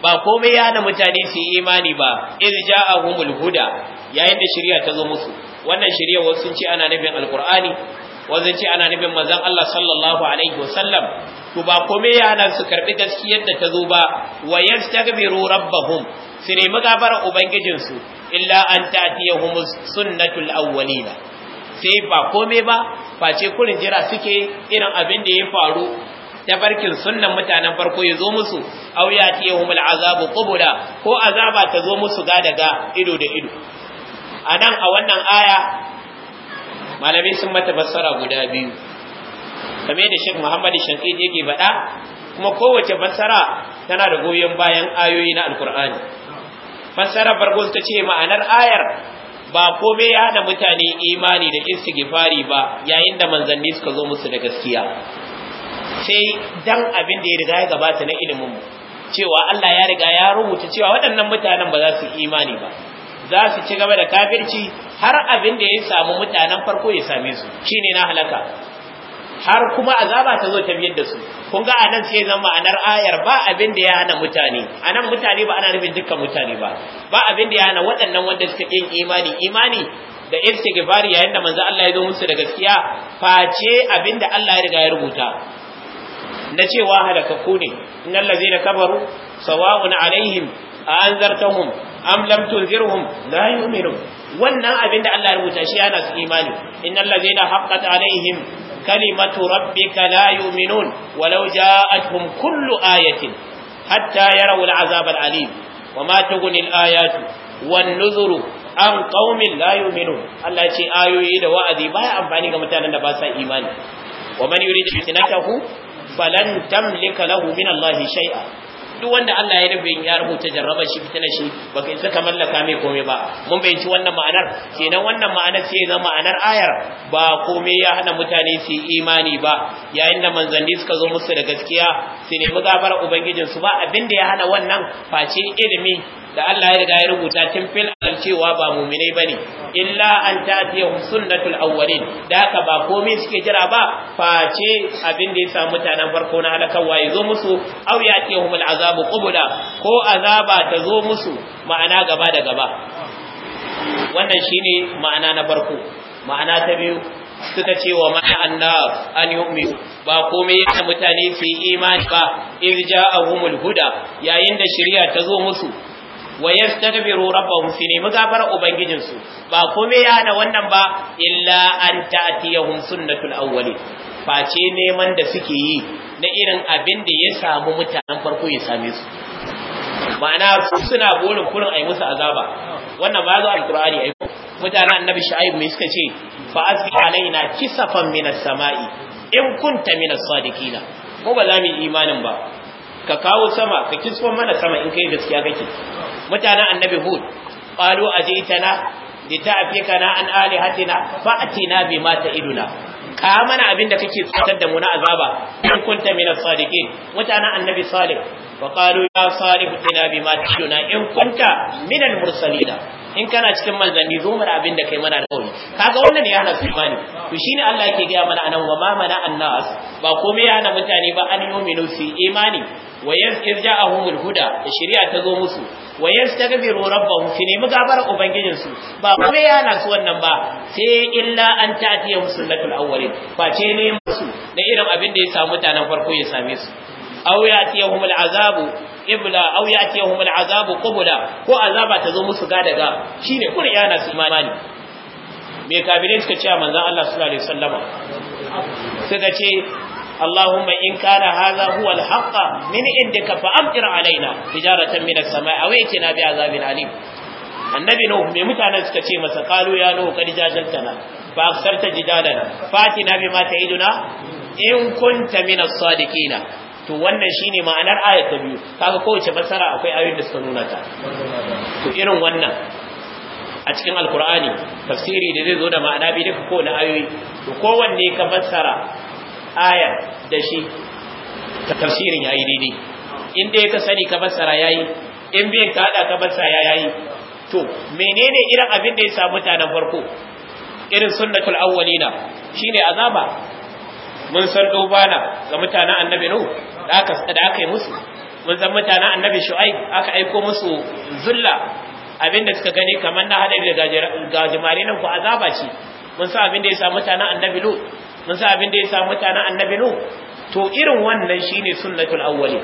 ba komai ya hana mutane su yi imani ba iz ja'ahumul huda yayin da shari'a ta zo musu wannan shari'a wasu sun ce ana nufin alqur'ani wasu ce ana nufin manzon Allah sallallahu alaihi wasallam to ba komai ya su karbi gaskiyar da ta zo ba wa yastaghfiru rabbahum su nemi gafarar ubangijinsu illa an ta'tiyahum sunnatul awwalina sai ba komai ba face kurin jira suke irin abin da ya faru ta barkin sunnan mutanen farko ya zo musu ta ya humul azabu qubula ko azaba ta zo musu ga ido da ido anan a wannan aya malamai sun mata fassara guda biyu kame da Sheikh Muhammad Shankidi yake faɗa kuma kowace fassara tana da goyon bayan ayoyi na Alkur'ani fassara farko ta ce ma'anar ayar ba kome ya hana mutane imani da istighfari ba yayin da manzanni suka zo musu da gaskiya sai dan abin da ya riga ya gabata na ilimin mu cewa Allah ya riga ya rubuta cewa waɗannan mutanen ba za su imani ba za su ci gaba da kafirci har abin da ya samu mutanen farko ya same su shine na halaka har kuma azaba ta zo ta biyar da su kun ga anan sai zan ma'anar ayar ba abin da ya hana mutane anan mutane ba ana nufin dukkan mutane ba ba abin da ya hana waɗannan wanda suka yin imani imani da istighfar yayin da manzo Allah ya zo musu da gaskiya face abin da Allah ya riga ya rubuta na cewa halakaku ne innal ladzina kafaru sawa'un alaihim anzartahum am lam tunzirhum la yu'minun wannan abin da Allah ya rubuta shi yana su imani innal ladzina haqqat alaihim kalimatu rabbika la yu'minun walau ja'atuhum kullu ayatin hatta yarawu al'azab al'alim wama tughni al'ayatu wan nuzuru an qaumin la yu'minun Allah ya ce ayoyi da wa'azi baya amfani ga mutanen da ba sa imani wa man yuridu fitnatahu falan tamlika lahu min Allah shay'a duk wanda Allah ya rufe ya rubuta jarrabar shi fitinar shi baka isa ka mallaka mai komai ba mun bayyanci wannan ma'anar kenan wannan ma'anar sai ga ma'anar ayar ba komai ya hana mutane su imani ba yayin da manzanni suka zo musu da gaskiya su nemi gafarar su ba abin da ya hana wannan face ilimi da Allah ya riga ya rubuta tun fil alam cewa ba mu'minai bane illa an ta'tiyahum sunnatul awwalin da ka ba komai suke jira ba face abin da ya samu mutanen farko na halakawa ya zo musu aw ya'tiyahum azabu qubla ko azaba ta zo musu ma'ana gaba da gaba wannan shine ma'ana na farko ma'ana ta biyu suka ce wa ma anna an yu'minu ba komai da mutane su yi imani ba irja'ahumul huda yayin da shari'a ta zo musu wa yastaghfiru rabbahum su nemi gafara ubangijin su ba komai ya hana wannan ba illa an ta'tiyahum sunnatul awwali face neman da suke yi na irin abin da ya samu mutanen farko ya same su ma'ana su suna burin kurin ai musu azaba wannan ba zo alqur'ani ai mutanen annabi shu'aib mai suka ce fa asfi alaina kisafan minas sama'i in kunta minas sadiqina ko ba za mu yi imanin ba ka kawo sama ka kisfon mana sama in kai gaskiya kake mutanen annabi hud qalu ajitana lita'fikana an alihatina fa'tina bima ta'iduna ka mana abin da kake tsatar da mu na azaba in kunta min as-sadiqin mutanen annabi salih وقالوا يا صالح اتنا بما تعدنا إن كنت من المرسلين in kana cikin manzanni zo mana abin da kai mana alƙawari kaga wannan ya hana su imani to shine Allah yake gaya mana anan wa ma mana annas ba komai ya mutane ba an yu'minu fi imani wa yazkir ja'ahumul huda da shari'a ta zo musu wa yastaghfiru rabbahum fi nemi gafara ubangijin su ba komai ya su wannan ba sai illa an ta'tiya musullatul awwalin ba ce ne musu da irin abin da ya samu mutanen farko ya same su aw yatiyahum العذاب ibla aw yatiyahum العذاب قبلا ko عذاب ta zo musu ga daga shine qur'ana su imani me kabirai suka الله manzon Allah sallallahu alaihi wasallama suka اللهم إن كان هذا هو الحق من عندك فأمطر علينا تجارة من السماء أو ائتنا بعذاب أليم النبي نوح من متانا سكتي مسا قالوا يا نوح قد جادلتنا فأكثرت جدالنا فأتنا بما تعيدنا إن كنت من الصادقين to wannan shine ma'anar ayat ta biyu kaga kowace fassara akwai ayoyin da suka nuna ta to irin wannan a cikin alkur'ani tafsiri da zai zo da ma'ana bi duka kowane ayoyi to kowanne ka fassara aya da shi ta tafsirin yayi daidai in dai ka sani ka fassara yayi in bai ka hada ka fassara yayi to menene irin abin da ya samu mutanen farko irin sunnatul awwalina shine azaba mun san dubana ga mutanen annabi nu da aka da aka yi musu mun san mutanen annabi shu'aib aka aiko musu zulla abinda suka gani kamar na hada da gajimare nan ku azaba ce mun san abinda ya sa mutanen annabi lut mun san abinda ya sa mutanen annabi nu to irin wannan shine sunnatul awwali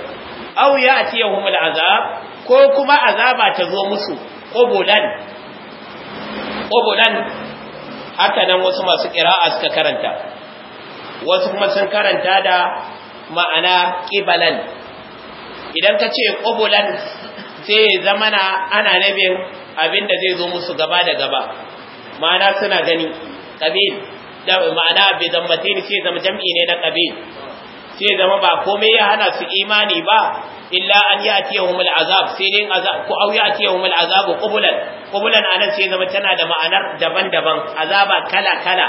aw ya'tiyahum al'azab ko kuma azaba ta zo musu qubulan qubulan haka nan wasu masu kira'a suka karanta wasu kuma sun karanta da ma'ana ƙibalan idan ka ce ƙubulan sai zamana ana nabin abin da zai zo musu gaba da gaba ma'ana suna gani ƙabil ma'ana bai zambace ni sai zama jam'i ne na ƙabil sai zama ba komai ya hana su imani ba illa an yi a atiyahum al'azab sai dai ko au ya atiyahum al'azab qubulan qubulan anan sai zama tana da ma'anar daban-daban azaba kala-kala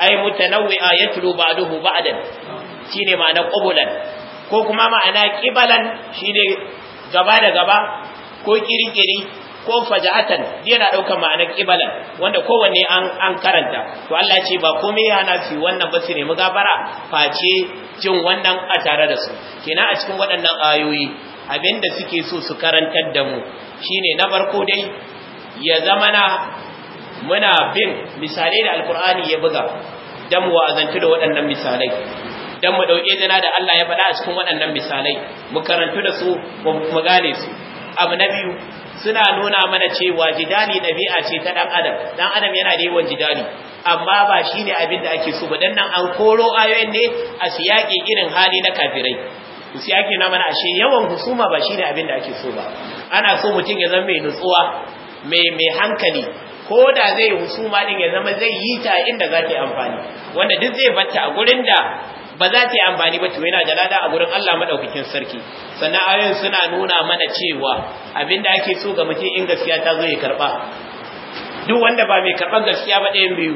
ay mutanawwi'a yatlu ba'dahu ba'dan shine ma'ana qabulan ko kuma ma'ana qibalan shine gaba da gaba ko kirkiri ko faja'atan yana daukar ma'anar qibalan wanda kowanne an an karanta to Allah ce ba komai yana su wannan ba su nemi gabara face jin wannan a tare da su kenan a cikin waɗannan ayoyi abinda suke so su karantar da mu shine na farko dai ya zama na muna bin misalai da alkur'ani ya buga dan mu wa'azantu da waɗannan misalai dan mu ɗauke jana da Allah ya faɗa a cikin waɗannan misalai mu karantu da su mu gane su abu na biyu suna nuna mana cewa jidali ɗabi'a ce ta dan adam dan adam yana da yawan jidali amma ba shine abin da ake so ba dan nan an koro ayoyin ne a siyaki irin hali na kafirai sai ake na mana ashe yawan husuma ba shine abin da ake so ba ana so mutum ya zama mai nutsuwa mai mai hankali ko da zai husuma din ya zama zai yi ta inda za ta yi amfani wanda duk zai batta a gurin da ba za ta yi amfani ba to yana da a gurin Allah madaukakin sarki sannan ayoyin suna nuna mana cewa abin abinda ake so ga mutum in gaskiya ta zo ya karba duk wanda ba mai karban gaskiya ba ɗayan biyu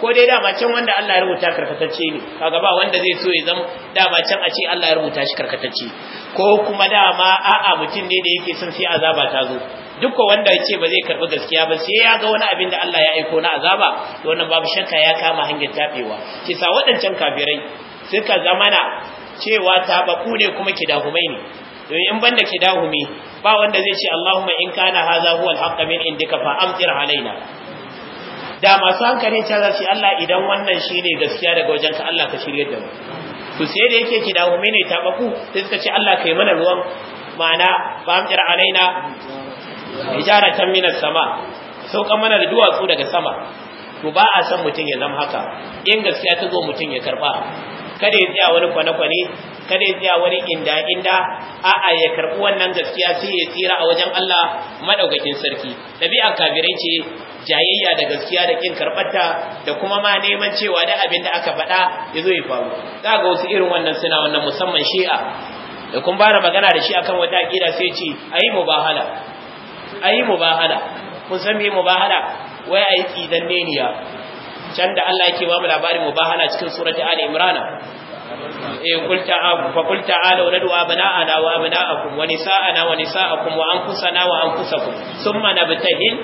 ko dai dama can wanda Allah ya rubuta karkatacce ne kaga ba wanda zai so ya zama dama can a ce Allah ya rubuta shi karkatacce ko kuma dama a'a mutum ne da yake son sai azaba ta zo duk wanda ya ce ba zai karbi gaskiya ba sai ya ga wani abin da Allah ya aiko na azaba to wannan babu shakka ya kama hanyar tabewa kisa waɗancan kafirai suka zamana cewa tabaku ne kuma ki kidahumai ne don in banda kidahumi ba wanda zai ce Allahumma in kana hadha huwa al-haqq min indika fa amtir alaina da masu hankali ya za shi Allah idan wannan shi ne gaskiya daga wajen ka Allah ka shirye da mu to sai da yake ki dawo mene ta baku sai suka ce Allah kai mana ruwan mana famtir alaina ta minas sama saukan mana da duwatsu daga sama to ba a san mutum ya zama haka in gaskiya ta zo mutum ya karba kada ya tsaya wani kwane-kwane kada ya tsaya wani inda-inda a'a ya karɓi wannan gaskiya sai ya tsira a wajen Allah madaukakin sarki ɗabi'ar kafirai ce jayayya da gaskiya da kin karɓarta da kuma ma neman cewa da abin da aka faɗa ya zo ya faru za ga wasu irin wannan suna wannan musamman shi'a da kun fara magana da shi akan wata aƙida sai ce a yi mubahala a yi mubahala kun san me mubahala wai a yi neniya? can da Allah yake ba mu labarin mubahala cikin surati ali imran eh qul ta'alu fa qul ta'alu nadu ala wa akum wa ana wa akum wa anfusana wa anfusakum thumma nabtahil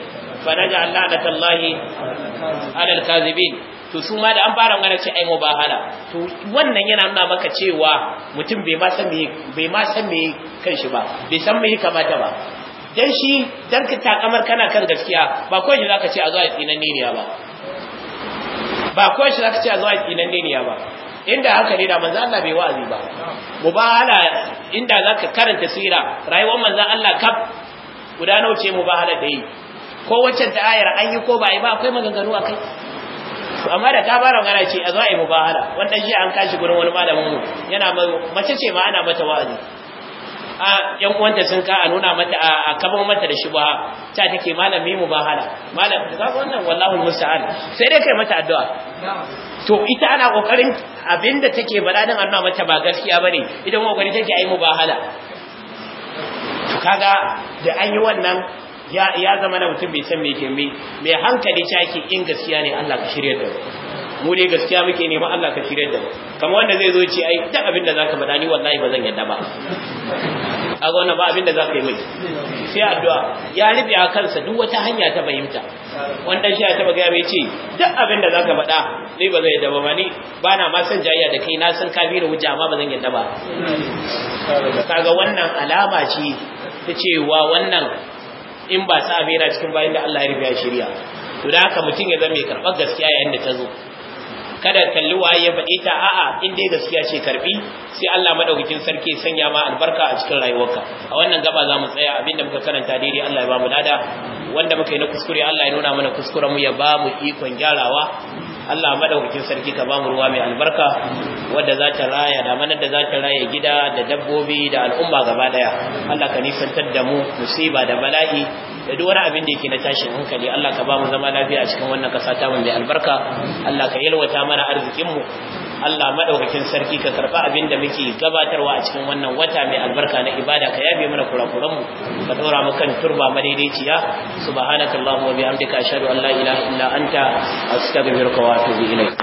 fa naj'al allah 'ala al-kadhibin to su ma da an fara magana ce ai mubahala to wannan yana nuna maka cewa mutum bai ma san me bai ma san me kanshi ba bai san me kamata ba dan shi dan ka takamar kana kan gaskiya ba kawai zaka ce a zo a ne ba ba ko shi ka ce a zuwa kinan ne ya ba inda haka ne da manzo Allah bai wa'azi ba mu ba hala inda zaka karanta sira rayuwar manzo Allah kaf guda nawa ce hala da yi ko waccan ta ayar an yi ko ba yi ba akwai maganganu a kai amma da ta fara magana ce a zuwa mubahala wannan shi an kashi gurin wani malamin mu yana mace ce ma ana mata wa'azi a yan uwanta sun ka a nuna mata a kaban mata da shubha ta take malami mu ba hala malam da wannan wallahi musta'an sai dai kai mata addu'a to ita ana kokarin abinda take bada din annuna mata ba gaskiya bane idan kokari take ayi mu ba hala to kaga da an yi wannan ya ya zama na mutum bai san me ke me me hankali take in gaskiya ne Allah ka shirye da mu mu dai gaskiya muke nema Allah ka shirye da mu kama wanda zai zo ce ai duk abin da zaka faɗa ni wallahi ba zan yadda ba a ga wannan ba abin da zaka yi mai sai addu'a ya rufe a kansa duk wata hanya ta fahimta wanda shi ya taba ga mai ce duk abin da zaka faɗa ni ba zan yadda ba ni ba na ma san jayya da kai na san kafirin hujja amma ba zan yadda ba kaga wannan alama ce ta cewa wannan in ba sa abera cikin bayan da Allah ya rufe ya shirya to da haka mutum ya zama mai karɓar gaskiya yayin da ta zo kada kalli waye ya faɗi ta a'a in dai gaskiya ce karbi sai Allah madaukakin sarki sanya ma albarka a cikin rayuwarka a wannan gaba za mu tsaya abinda muka karanta daidai Allah ya ba mu lada wanda muka yi na kuskure Allah ya nuna mana kuskuren mu ya ba mu ikon gyarawa Allah madaukakin sarki ka ba mu ruwa mai albarka wadda za ta raya da manar da za ta raya gida da dabbobi da al'umma gaba daya Allah ka nisantar da mu musiba da bala'i da duk wani abin da yake na tashin hankali Allah ka ba mu zama lafiya a cikin wannan kasa ta mu mai albarka Allah ka yalwata mana arzikin mu Allah madaukakin sarki ka karba abin da muke gabatarwa a cikin wannan wata mai albarka na ibada ka yabe mana kurakuran mu ka ɗaura mu kan turba madaidaiciya subhanakallahu wa bihamdika ashhadu an la ilaha illa anta astaghfiruka wa atubu ilayk